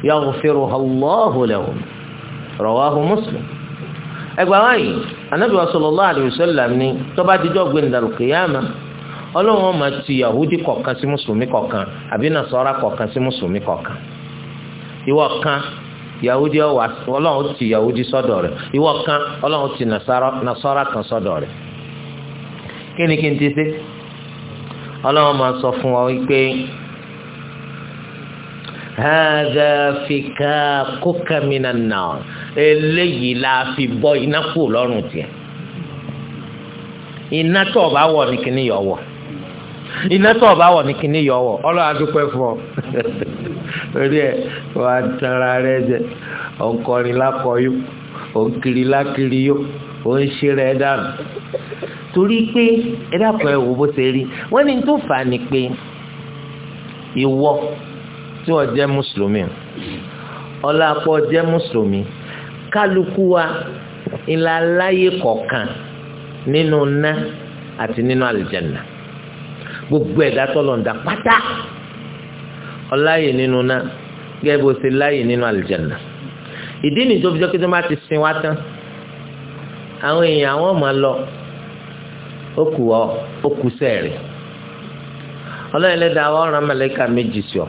يغفرها الله لهم رواه مسلم أقوائي النبي صلى الله عليه وسلم تبا تجوب عند القيامة ọlọ́run máa ti yahudi kọ̀ọ̀kan sí mùsùlùmí kọ̀ọ̀kan àbí nasara kọ̀ọ̀kan sí mùsùlùmí kọ̀ọ̀kan ìwọ kan yahudi ọlọ́run ti yahudi sọ́dọ̀ rẹ̀ ìwọ kan ọlọ́run ti nasara kan sọ́dọ̀ rẹ̀ kí ni kí n ti ṣe ọlọ́run máa sọ fún wa wípé hàdà fìkà kókàmínà náà eléyìí la fi bọ́ iná kù lọ́rùn tiẹ̀ iná tó o bá wọ̀ ní kíní yọ̀ wọ̀ iná tó o bá wọ̀ ní kíní yọ̀ wọ̀ ọlọ́run adúpẹ́ fún ọ orí ẹ wàá tẹ̀ra rẹ jẹ ọkọrin lákọ̀ọ́yó òkiri lákiri yó ó ń ṣe rẹ̀ dànù torí pé ẹ dàpọ̀ ẹ wò bó ṣe rí wọ́n ní tó fà á ni pé ìwọ tí wọ́n jẹ́ mùsùlùmí ọlọ́pọ̀ jẹ́ mùsùlùmí kálukú wa ìlà aláyè kọ̀ọ̀kan nínú ná àti nínú àlìjẹ̀nà gbogbo ẹ̀dá tọ́lọ̀ǹda pátá ọláyè nínú ná gẹ́gẹ́ bó ṣe láyè nínú àlìjẹ̀nà ìdí nìjọba jẹ́ kí ti sin wá tán àwọn èèyàn àwọn máa lọ ó ọ ó kù sẹ́ẹ̀rì ọlọ́run àwọn ọ̀ràn mẹ́lẹ́kà méjì sọ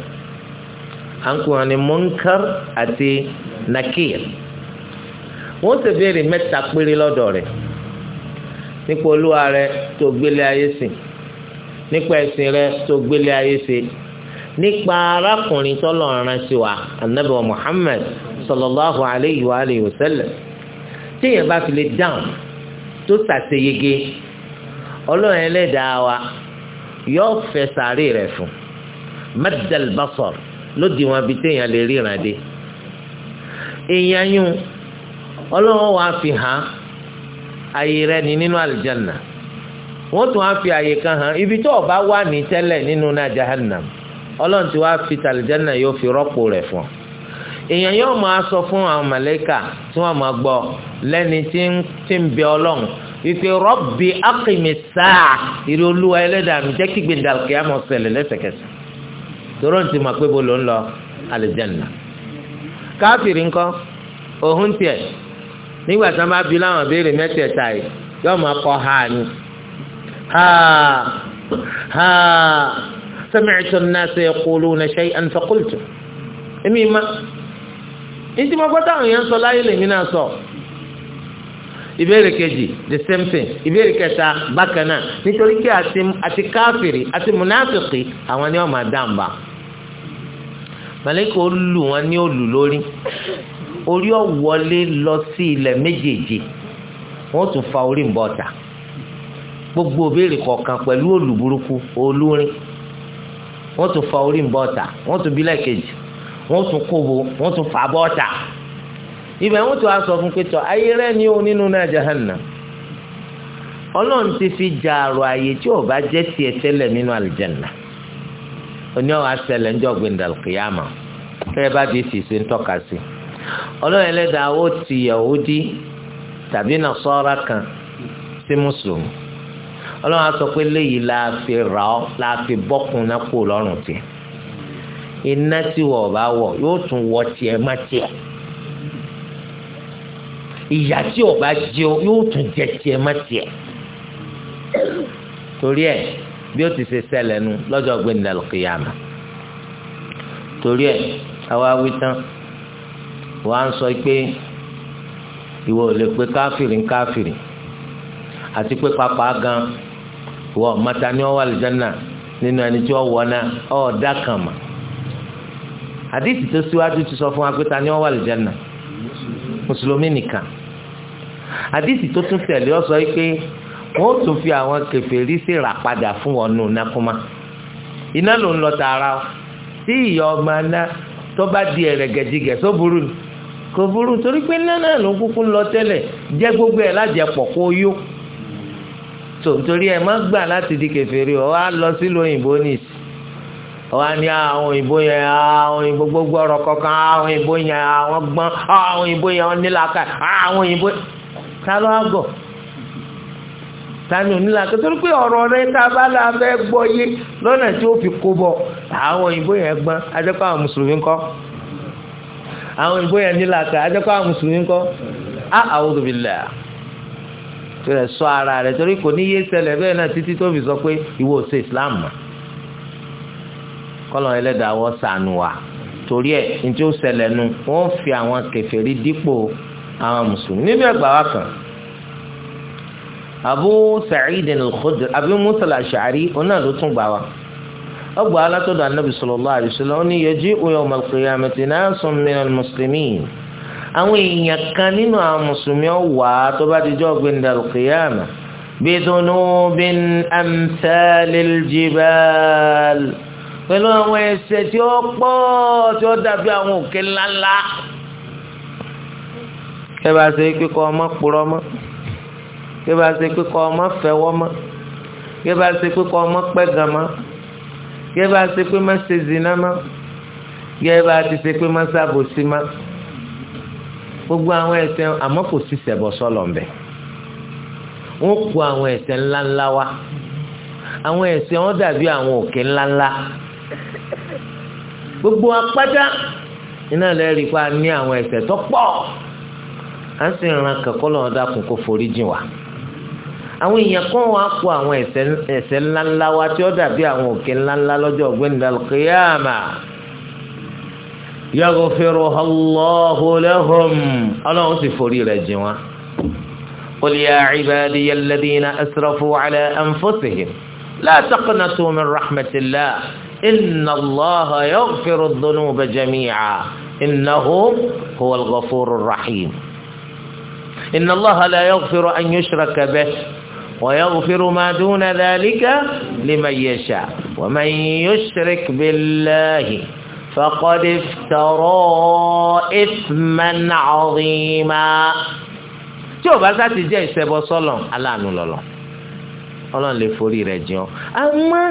à ń kó wọn ní munkar àti nakir wọ́n ti béèrè mẹ́ta péré lọ́dọ̀ rẹ̀ nípa olúwa rẹ tó gbélé ayé sìn nípa ẹ̀sìn rẹ̀ tó gbélé ayé nípa arákùnrin tọ́lọ̀ sí wa anabi muhammed téèyàn bá fi lè dáhùn tó ṣàṣeyege ọlọ́run ẹlẹ́dàá wa yóò fẹ̀ sàárè rẹ̀ fún madal basor lódì wọn bí téèyàn lè ríran dé èèyàn yún ọlọ́run wa fi hàn àyè rẹ̀ ní nínú àlìjánnà wọ́n tún á fi àyè kan hàn ibi tó ọba wà ní tẹ́lẹ̀ nínú náà jahannam ọlọ́run tí wàá fi tàlìjánnà yóò fi rọ́pò rẹ̀ fún ọ èèyàn yóò máa sọ fún àwọn màlẹ́kà tí wọ́n máa gbọ́ lẹ́ni tí ń tí ń bẹ ọlọ́run ìpè rọ́bì akínísà ìrì olúwa ẹlẹ́dàá mi jẹ́ kí gbèǹdàkì àmọ́ ṣẹlẹ̀ lẹ́sẹ̀kẹsẹ̀ tòró ti mọ̀ pé bó ló ń lọ àlùjánnà káfíìrì ńkọ́ òhun tiẹ̀ nígbà tí wọ́n bá bi láwọn béèrè mẹ́tẹ̀ẹ̀ta yìí yóò máa kọ́ ha ni ha ha sami'tu an-nasa yaquluna shay'an faqultu èmi máa ntí mo gbọ́ táwọn èèyàn ń sọ láyé lèmi náà sọ ìbéèrè kejì the same thing ìbéèrè kẹta bákan náà nítorí pé àti àti káfìrí àti mùnáfìkì àwọn ni wọn máa dáǹbà màlẹ́kọ̀ ó lù wọn ní òlù lórí orí ọ̀wọ́lé lọ sí ilẹ̀ méjèèjì wọ́n tún fa orí ń bọ̀ ọ̀tà gbogbo òbéèrè kọ̀ọ̀kan pẹ̀lú òlù burúkú olórin tún fa orí ń bọ̀ ọ̀tà wọ́n tún bí lẹ́ẹ̀kejì wọ́n tún kóbo wọ́n tún fà bọ́ ta ibẹ̀ wọ́n tún aṣọ fún pétọ́ ayé rẹ̀ ni ó nínú náà jahanna ọlọ́run ti fi jàrò àyè tí ò bá jẹ́ tiẹ̀ tẹ́lẹ̀ nínú àlìjẹ̀nà oní ọ̀ àṣẹlẹ̀ ńjọ́ gbẹ̀ndàlùkìyàmà fẹ́ẹ́ bá di fìṣe ń tọ́ka sí ọlọ́run ẹlẹ́dàá ó ti yahudi tàbí nasọ́ra kan sí mùsùlùmí ọlọ́run á sọ pé léyìí la fi rà bọ́kùn náà kú lọ́rùn tiẹ̀. iná tí wọ́n bá wọ̀ yóò tún wọ tiẹ̀ má tiẹ̀ ìyá tí wọ́n bá jẹ yóò tún jẹ tiẹ̀ má tiẹ̀ torí ẹ bí o ti ṣe ṣẹlẹ̀ nu lọ́jọ́ gbẹ̀ndà lọ́kìyàmà torí ẹ àwa wí tán wàá ń sọ pé ìwọ ò lè pe káfìrí ń káfìrí àti pé pápá gan ìwọ ọ̀mọ́ta ni wọ́n wà lìjánà nínú ẹni tí wọ́n wọ̀ náà ọ̀ọ́dà kan mà. àdìsí tó síwájú ti sọ fún wa pé ta ni wọ́n wà lìjánà mùsùlùmí nìkan àdìsí tó tún tẹ̀lé ọ sọ pé wọ́n tún fi àwọn kèfèrí sí rà padà fún ọ̀nà ònàkúnmá iná ló ń lọ tààrà tí ìyá ọmọ aná tó bá di ẹ̀rẹ̀gẹ̀dìgẹ̀ tó burú ni kò burú torí pé nánà ló kúkú lọ tẹ́lẹ̀ jẹ́ gbogbo ẹ̀ lájẹpọ̀ kó yó tòǹtorí ẹ̀ má gbà láti di kèfèrí ọ̀ wá lọ sílùú òyìnbó nìsí wọ́n á ní àwọn òyìnbó yẹn àwọn òyìnbó gbogbo ọ̀rọ̀ kankan àwọn òyìnbó yẹn àwọn gbọ́n àwọn òyìnbó yẹn wọ́n nílàkà àwọn òyìnbó ta ló á gọ̀ tani onílàkà torí pé ọ̀rọ̀ rẹ ta bá la fẹ́ gbọ́ yé lọ́nà tí ó fi kó bọ̀ àwọn òyìnbó yẹn gbọ́n adẹ́kọ̀ àwọn mùsùlùmí ńkọ́ àwọn òyìnbó yẹn nílàkà adẹ́kọ̀ àwọn mùsùlùmí ńkọ́ á a'udhu billah tó rẹ̀ sọ ara rẹ̀ torí kò ní yé ṣẹlẹ̀ bẹ́ẹ̀ náà títí tó fi sọ pé ìwọ ò Islam mọ́ kọ́lọ̀ ẹlẹ́dàá wọ́n sànù wa torí ẹ̀ ní tí ó ṣẹlẹ̀ nu wọ́n fi àwọn kèfèrí dípò àwọn mùsùlùmí níbi ẹgbàá wa kan abu sa'id al-khudri abu musa al-ash'ari ọ̀nà ló tún gbà wa ọgbà alátọ́dọ̀ anabi sallallahu alaihi wasallam ó ní yaji'u yawm al-qiyamati nasun min al-muslimin àwọn èèyàn kan nínú àwọn mùsùlùmí ọ̀wà tó bá ti jọ́ gbẹ̀ndà al-qiyamah bidunubin amsalil jibal pẹ̀lú àwọn ẹsẹ̀ tí ó pọ̀ tí ó dàbí àwọn òkè ńláńlá. kí bá ṣe pé kọ́ ọmọ purọ́ mọ́ kí bá ṣe pé kọ́ ọmọ fẹ́wọ́ mọ́ kí bá ṣe pé kọ́ ọmọ pẹ́gàn mọ́ kí bá ṣe pé má ṣe zina mọ́ kí ti ṣe pé má ṣàbòsí mọ́ gbogbo àwọn ẹsẹ̀ àmọ́ kò sí ṣẹbọ sọlọ ń wọn kó àwọn ẹsẹ̀ ńláńlá wa àwọn ẹsẹ̀ wọn dàbí àwọn òkè ńláńlá gbogbo apájá iná lẹ́rìí pa ní àwọn ẹ̀ṣẹ̀ tó pọ̀ à ń sìn ran kẹ̀kọ́ lọ́wọ́ dákun kó forí jìn wá àwọn èèyàn kan wá kó àwọn ẹ̀ṣẹ̀ ńláńlá wa tí ó dàbí àwọn òkè ńláńlá lọ́jọ́ ọ̀gbẹ́ni dàlùkìyàmà yaghfiruha Allahu lahum ọlọ́run sì forí rẹ̀ jìn wá. قل يا عبادي الذين أسرفوا على أنفسهم لا تقنطوا من رحمة الله inna allaha yaghfiru dhunuba jami'a innahu huwa al-ghafuru rahim inna allaha la yaghfiru an yushraka bihi wa yaghfiru ma duna dhalika liman yasha wa man yushrik billahi فقد افترى إثما عظيما tí o bá sá ti jẹ́ ìṣẹbọ sọ́lọ̀ aláàánú lọ́lọ́ ọlọ́run lè forí rẹ̀ jẹun àmọ́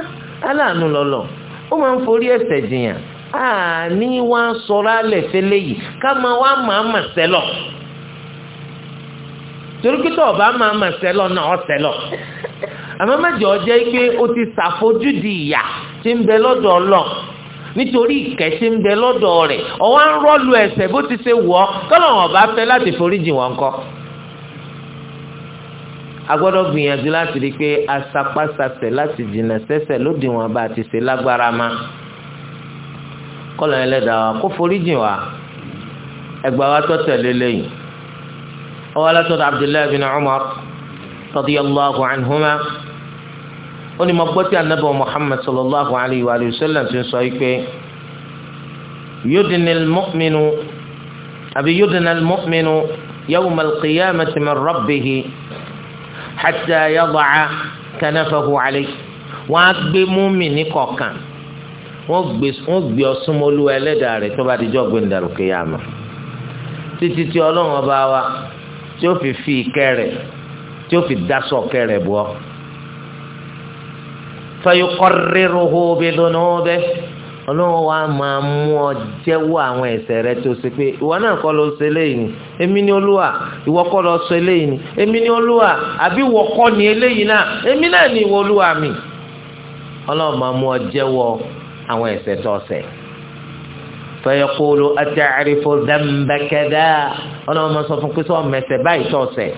aláàánú lọ́lọ́ ó máa ń forí ẹ̀ṣẹ̀ jìyàn àní wá sọ̀rọ̀ alẹ̀ fẹ́lẹ́ yìí ká máa wá máa mà sẹ́lọ̀ torí pé tó o bá máa mà sẹ́lọ̀ náà ọ̀ sẹ́lọ̀ àmọ́ mẹ́jọ jẹ́ pé o ti ṣàfojúdi ìyà tí ń bẹ lọ́dọ̀ ọlọ́ nítorí ìkẹ́ tí ń bẹ lọ́dọ̀ rẹ̀ ọ̀wá ń rọ́ọ̀lù ẹ̀ṣẹ̀ bó ti ṣe wù ọ́ kọ́lọ̀ wọn bá fẹ́ láti foríjì wọn kọ́ a gbọ́dọ̀ gbìyànjú láti rí i pé asapásasẹ̀ láti jìnnà sẹ́sẹ̀ lóde wọn bá ti ṣe lágbára ma kọ́lọ̀ ẹlẹ́dàá wa kó forí jìn wá ẹgbà wa tó tẹ̀lé lẹ́yìn ọwọ́ alátọ́dọ̀ abdullahi bin umar radiyallahu anhuma ó ní mo gbọ́ tí anábọ̀ muhammad sallallahu alayhi wa sallam ti sọ yìí pé yudinil mu'minu àbí yudinil mu'minu yawmal qiyamati min rabbihi hatta yada'a kanafahu alayhi wọ́n á gbé mùmínì kọ̀ọ̀kan wọ́n gbé wọ́n gbé ọsúnmọ́lú ẹlẹ́dàá rẹ̀ tó bá di jọ́ gbé ndàlùkè yá ma títí tí ọlọ́run ọba wa tí ó fi fi ìkẹ́ rẹ̀ tí ó fi dasọ̀ kẹ́ rẹ̀ bọ́ fayuqarriruhu bidunubihi ọlọ́run wa máa mú ọ jẹ́wọ́ àwọn ẹ̀ṣẹ̀ rẹ tó ṣe pé ìwọ náà kọ́ ló ṣe eléyìí ni èmi ni olúwa ìwọ kọ́ ló ṣe eléyìí ni èmi ni olúwa àbí ìwọ kọ́ ni eléyìí náà èmi náà ni ìwọ olúwa mi ọlọ́run máa mú ọ jẹ́wọ́ àwọn ẹ̀ṣẹ̀ tó ṣẹ̀ fẹ́yẹ̀kúlù àtẹ̀rìfò dẹ́mbẹ̀kẹ́dá ọlọ́run máa sọ fún pé sọ mẹ̀ṣẹ̀ báyìí tó ṣẹ̀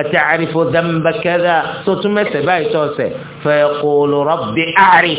àtẹ̀rìfò dẹ́mbẹ̀kẹ́dá tó tún mẹ̀ṣẹ̀ báyìí tó ṣẹ̀ fẹ́yẹ̀kúlù rọ́bì àárín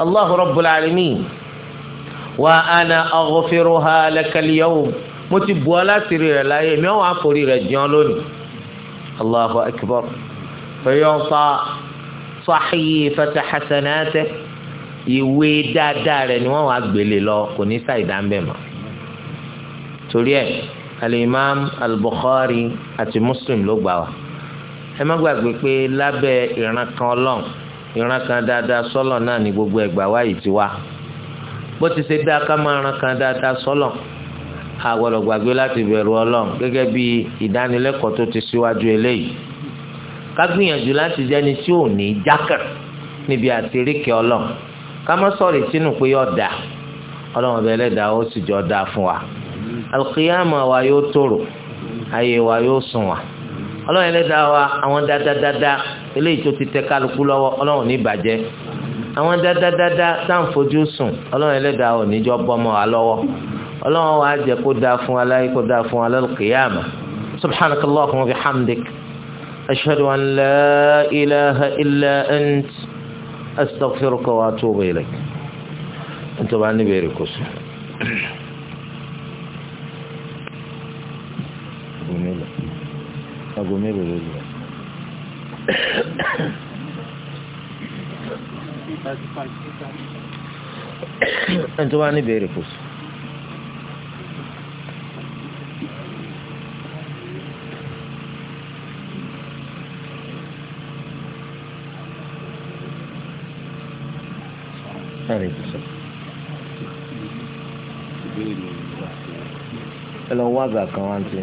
الله رب العالمين، wa ana لك اليوم. yawm mo ti bu alásìírí rẹ láyé mi àwọn àforí rẹ jẹun lónìí allahu akbar fayọta sahifata hasanate ìwé dáadáa rẹ ni wọn wàá gbélé lọ kò ní sáì dáńbẹ mọ torí ẹ alimam al àti muslim ló gbà wá ẹ má gbàgbé pé lábẹ́ ìran kan Ọlọ́run ìran kan dáadáa sọ́lọ̀ náà ní gbogbo ẹ̀gbà wá yìí ti wá bó ti ṣe dáa ká máa ran kan dáadáa sọ́lọ̀ a gbọ́dọ̀ gbàgbé láti bẹ̀rù ọlọ́run gẹ́gẹ́ bí ìdánilẹ́kọ̀ọ́ tó ti síwájú eléyìí ká gbìyànjú láti jẹ́ni tí ò ní jákàn níbi àtiríkẹ́ ọlọ́run ká má sọ̀rọ̀ sínú pé ọ̀dà ọlọ́run ọbẹ̀ ẹlẹ́dàá ó sì jọ dáa fún wa alùkìyàmọ̀ wa yóò tòrò ayé wa yóò sùn wa ọlọ́run ẹlẹ́dàá wa àwọn dáadáa eléyìí tó ti tẹ kálukú lọ́wọ́ ọlọ́run ní bàjẹ́ àwọn dáadáa táwọn fojú sùn ọlọ́run ẹlẹ́dàá wa níjọ́ bọ́mọ wa lọ́wọ́ ọlọ́run wa jẹ́ kó dáa fún aláyé kó dáa fún alálùkìyàmà subhanaka allahumma wa bihamdik ashhadu an la ilaha illa ant astaghfiruka wa atubu ilayk ntọ́ bá níbẹ̀rẹ̀ kó aago mélòó ló lù ọ́. ẹni tó bá ní ìbéèrè kò sí. sáré ẹ lọ wá àgbà kan wá ń tẹ.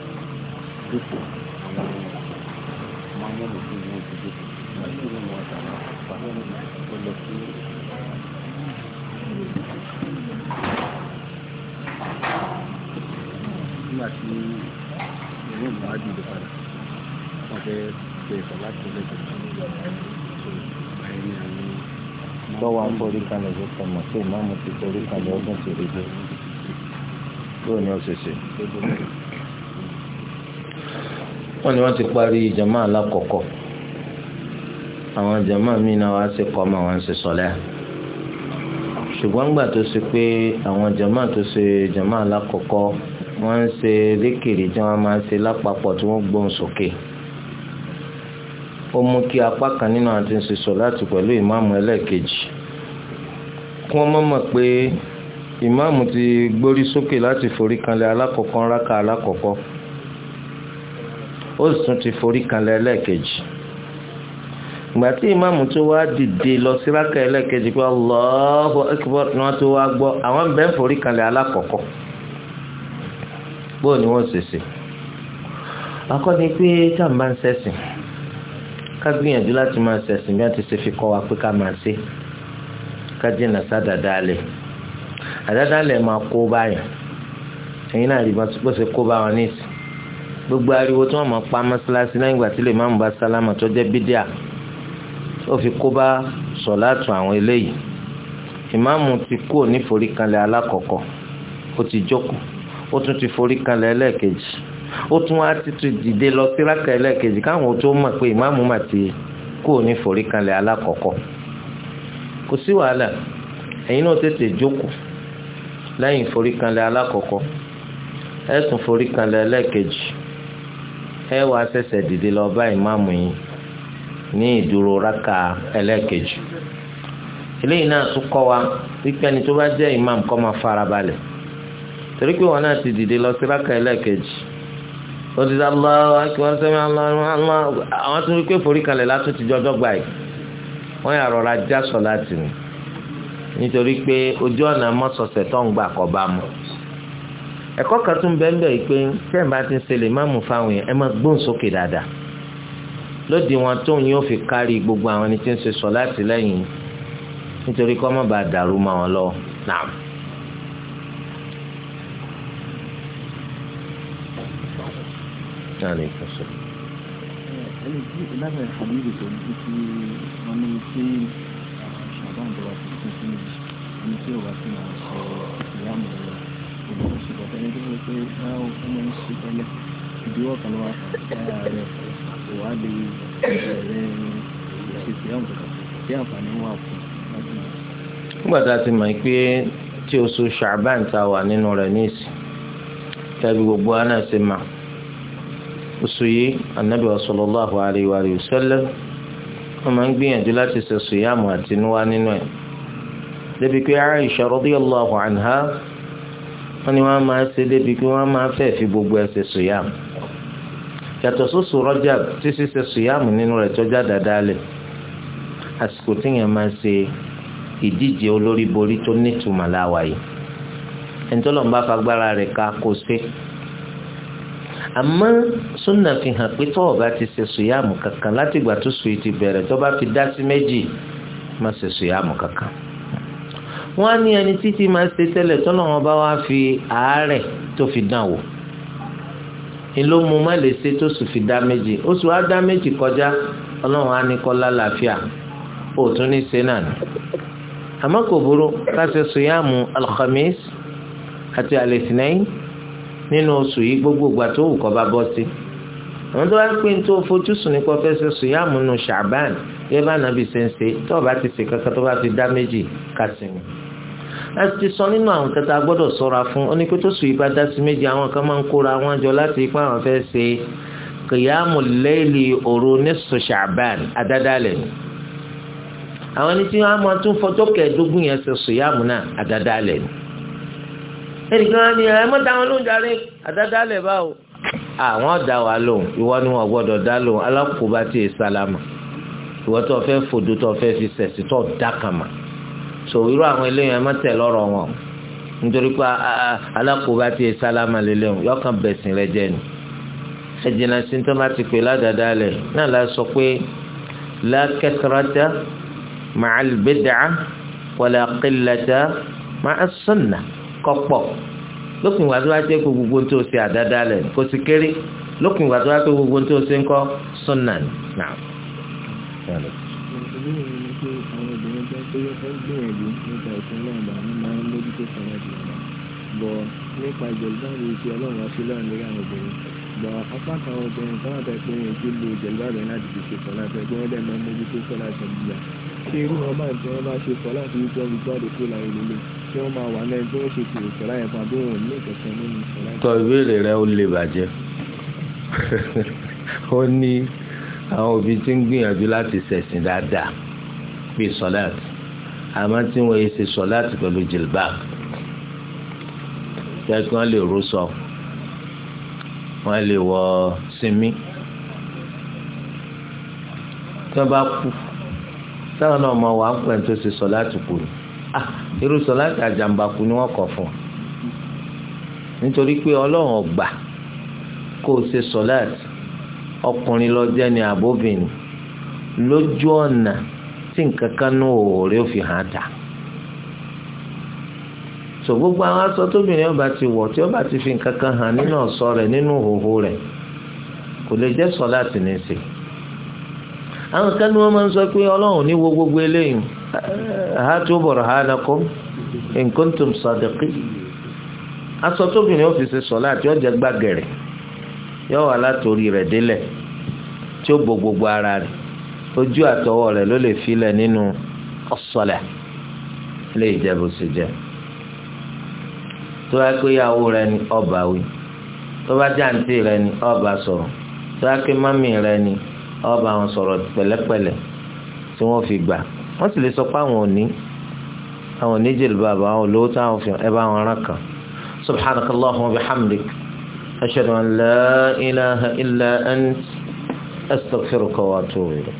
jókòó àwọn máa mọ̀ lókè ní ojú jókòó láti ní wọn àtàwọn àpá tó lọ sí. nígbà tí ìwé ìmọ̀ á dìde padà wọ́n fẹ́ bẹ̀rẹ̀ láti lẹ́gbẹ̀ẹ́ tọ́wọ́ àforí kalẹ̀ ló sọ mọ̀ sí ìmáàmù ti forí kalẹ̀ ọdún tèrè dé. bóyá ni ó ṣe ṣe wọ́n ní wọ́n ti parí jama alákọ̀ọ́kọ́ àwọn jama míì náà wá sí kọ́ ọmọ wọn sì sọ̀lẹ́ ṣùgbọ́n gbà tó ṣe pé àwọn jama tó ṣe jama alákọ̀ọ́kọ́ wọ́n ń ṣe lékèrè tí wọ́n máa ń ṣe lápapọ̀ tí wọ́n gbóhùn sókè ó mú kí apá kan nínú àti ń ṣe sọ̀láàtì pẹ̀lú ìmáàmù ẹlẹ́ẹ̀kejì kí wọ́n mọ̀mọ̀ pé ìmáàmù ti gbórí sókè láti forí kanlẹ̀ alákọ̀ọ́kọ́ rákà alákọ̀ọ́kọ́. ó sùn ti forí kanlẹ̀ ẹlẹ́ẹ̀kejì ìgbà ìmáàmù tó wá dìde lọ sí rákà ẹlẹ́ẹ̀kejì pé Allahu Akbar ni wọ́n tó wá gbọ́ àwọn bẹ́ẹ̀ ń forí alákọ̀ọ́kọ́ ni wọ́n ṣèṣe akọ́ni pé táàmù ń ṣẹ̀sìn ká gbìyànjú láti máa bí wọ́n ti ṣe fi kọ́ wa pé ká máa ṣe ká máa kó ẹ̀yin náà rí kó gbogbo ariwo tí wọ́n mọ̀ pa mọ́sálásí lẹ́yìn ìgbà tí lè má mú bá sálámà tó jẹ́ bídíà ó fi kó bá sọ̀láàtù àwọn eléyìí ìmáàmù ti kú òní forí kanlẹ̀ alákọ̀ọ́kọ́ ó ti jókòó ó tún ti forí kanlẹ̀ ẹlẹ́ẹ̀kejì ó tún wá ti tún dìde lọ sí rákà ẹlẹ́ẹ̀kejì káwọn tó mọ̀ pé ìmáàmù mà ti kú òní forí kanlẹ̀ alákọ̀ọ́kọ́ kò sí wàhálà ẹ̀yin náà tètè jókòó lẹ́yìn forí kanlẹ̀ alákọ̀ọ́kọ́ ẹ forí kanlẹ̀ ẹlẹ́ẹ̀kejì ẹ wà ṣẹ̀ṣẹ̀ dìde lọ bá ìmáàmù yín ní ìdúró rákà ẹlẹ́ẹ̀kejì eléyìí náà tún kọ́ wa wípé ẹni tó bá jẹ́ ìmáàmù kó máa farabalẹ̀ torí pé wọn náà ti dìde lọ sí rákà ẹlẹ́ẹ̀kejì ó ti sábà kí sẹ́mi àwọn tún rí forí kalẹ̀ látún ti jọjọ́ gbà yìí sọ láti mi nítorí pé ojú ọ̀nà tó ẹ̀kọ́ kan tún bẹ́ẹ̀ bẹ́ẹ̀ pé tẹ́ẹ̀ bá ti ń ṣe lè má mú fáwọn yẹn ẹ máa gbóhùn sókè dáadáa lóde wọn tó ń yóò fi kárí gbogbo àwọn ẹni tí ń ṣe sọ láti lẹ́yìn nítorí kọ́ mọ̀ bá dàrú mọ́ wọn lọ nàám. Ẹni tí ìlànà ìfòmìlì tó ń bí kí wọ́n ní kí ṣàbọ̀n bọ̀ wá sí ẹni tó ṣe pé báwo ó ń ṣe tẹ́lẹ̀ ìdíwọ́ kan wá lára rẹ̀ kò wá lè rẹ̀ ṣe sí àwọn kankan tí àǹfààní wà fún láti mọ̀. nígbà tá a ti mọ̀ pé tí oṣù ṣàbán ta wà nínú rẹ̀ ní ìsìn tàbí gbogbo àná ṣe mà oṣù yìí anabi sallallahu alaihi wa sallam wọn máa ń gbìyànjú láti ṣe sùyàmù àtinúwá nínú ẹ̀ débi pé Aisha radiyallahu anha wọ́n ní wọ́n máa ṣe débi pé wọ́n máa fẹ́ fi gbogbo ẹsẹ̀ sùyàm yàtọ̀ sóṣù rọ́jà tí ṣíṣe sùyàm nínú rẹ̀ tọ́jà dáadáa lẹ̀ àsìkò tíyẹn máa ṣe ìdíje olórí borí tó nítumọ̀ láwàyè ẹnitọ́lọ́ bá fagbára rẹ̀ ká kó ṣe àmọ́ súnà fi hàn pé tọ́wọ̀ bá ti ṣe sùyàmù kankan látìgbà tó sùn ti bẹ̀rẹ̀ tó bá fi dá sí méjì má ṣe sùyàmù kankan wọ́n á ní ẹni títí máa ṣe tẹ́lẹ̀ tọ́nà wọn bá wá fi àárẹ̀ tó fi dàn wò ni ló mu má lè ṣe tó sì fi dá méjì ó sì wá dá méjì kọjá ọlọ́run á ní kọ́ lálàáfíà ó tún ní ṣe náà ni àmọ́ kò burú káṣe sùyàmù alhamis àti alẹ́sìnẹ́yìn nínú oṣù yìí gbogbo ìgbà tó wù kọ́ bá bọ́ sí àwọn tó bá ń pín tó fojú sùn nípa fẹ́ sùyàmù nù ṣàbán yẹ́bà nàbì ṣe ń ṣe tó o bá ti ṣe kankan tó bá fi dá méjì kásìmù ẹ ti sọ nínú àwọn kẹta gbọ́dọ̀ sọ́ra fún ọ ní pé tó sùn yìí bá dá sí méjì àwọn kan máa ń kóra wọn jọ láti ipá àwọn fẹ́ ṣe kìyàmù lẹ́ẹ̀lì òru ní sọ̀ṣàbàn àdádálẹ̀ ni àwọn ẹni tí wọ́n á máa tún fọjọ́ kẹẹ̀ẹ́dógún yẹn ṣe sọ̀yàmù náà àdádálẹ̀ ni ẹnìkan ni ẹ mọ́ dáwọn lóhùn darí àdádálẹ̀ báwo àwọn dá wa lóhùn ìwọ ni wọn gbọ́dọ̀ dá lóhùn alákòóbá tí ì sálámà ìwọ tó fẹ́ fòdó tó fẹ́ fi sẹ̀sì tó dákàmà so irú àwọn eléyìí ẹ má tẹ̀ lọ́rọ̀ wọn nítorí pé alákòóbá ti sálámà lélẹ́yìn yọkàn bẹ̀sìn rẹ jẹ́ ni ẹ̀jìnà sí tó má ti pè ládàáda lẹ̀ náà la sọ pé la kathrata ma'al bid'ah wala qillata ma'as sunnah kọ́pọ̀ lópin ìgbà tó bá jẹ́ pé gbogbo tó ṣe àdáda lẹ̀ kó ti kéré lópin ìgbà tó bá pé gbogbo tó ṣe ń kọ́ sunnah náà tó yẹ kó gbìyànjú nípa ìsìn ọlọ́run bá wọn máa ń mójútó kan láti ọ̀nà bọ̀ nípa ìjẹ̀lúbáàbí ti ọlọ́run aṣọ lọ́run lórí àwọn obìnrin bọ̀ apá kan obìnrin kan wà pẹ̀lú èyí tó lo ìjẹ̀lúbáàbí láti fi ṣe sọ láti ẹgbẹ́ wọn dẹ̀ máa ń mójútó sọ láti ọ̀gbìyà ṣé irú wọn bá tí wọ́n bá ṣe sọ láti rí jọ́ gbígbọ́dọ̀ tó la ìlúlé tí wọ́n máa wà lẹ́yìn tí wọ́n ṣe kiri sọ láyẹ̀ fún abẹ́wọ̀n ní ìkẹ̀kẹ́ nínú sọ láyẹ̀. tọ ìbéèrè rẹ ó le bàjẹ́ ó ní àwọn òbí tí ń gbìyànjú láti ṣẹ̀sìn dáadáa bíi sọ́láàtì àmọ́ tí wọ́n yẹ ṣe sọ láti pẹ̀lú jilbab jẹ́ kí wọ́n lè ró sọ wọ́n lè wọ sinmi tí wọ́n bá kú táwọn náà mọ wà ń pẹ̀ tó ṣe sọ láti kù ní ah, irú sọ láti àjàmbákú ni wọ́n kọ̀ fún nítorí pé ọlọ́run ọgbà kó ṣe sọ láti ọkùnrin lọ jẹ́ ni àbóbìnrin lójú ọ̀nà tí nǹkan kan nú òòrè ó fi hàn dà so gbogbo àwọn aṣọ tóbìnrin ọba ti wọ̀ tí ọba ti fi nǹkan kan hàn nínú ọ̀ṣọ́ rẹ̀ nínú òhòhò rẹ̀ kò lè jẹ́ sọ láti ní í ṣe àwọn kan ní wọ́n máa ń sọ pé ọlọ́run ní wo gbogbo eléyìí ha tó bọ̀rọ̀ ha nàkó nǹkan tó ń sàdẹ̀kí aṣọ tóbìnrin ó fi ṣe sọ láti ọjà gbàgẹ̀rẹ̀ yọ wà látòrí rẹ̀ délẹ̀ tí ó bo gbogbo ara rẹ̀ ojú àtọwọ́ rẹ̀ ló lè filẹ̀ nínú ọ̀sọ̀lẹ̀ lè jẹ́ bó ṣe jẹ́ tó bá pé ìyàwó rẹ̀ ni ọba wí tó bá jàǹtì rẹ̀ ni ọba sọ̀rọ̀ tó bá pé mọ́mì rẹ̀ ni ọba wọn sọ̀rọ̀ pẹ̀lẹ́pẹ̀lẹ́ tí wọ́n fi gbà wọ́n sì lè sọ pé àwọn òní àwọn òní jèlè bàbá àwọn olówó táwọn fi ẹ bá wọn rán kan subhanakallahumma wa bihamdik ashhadu an la ilaha illa ant astaghfiruka wa atubu ilayk.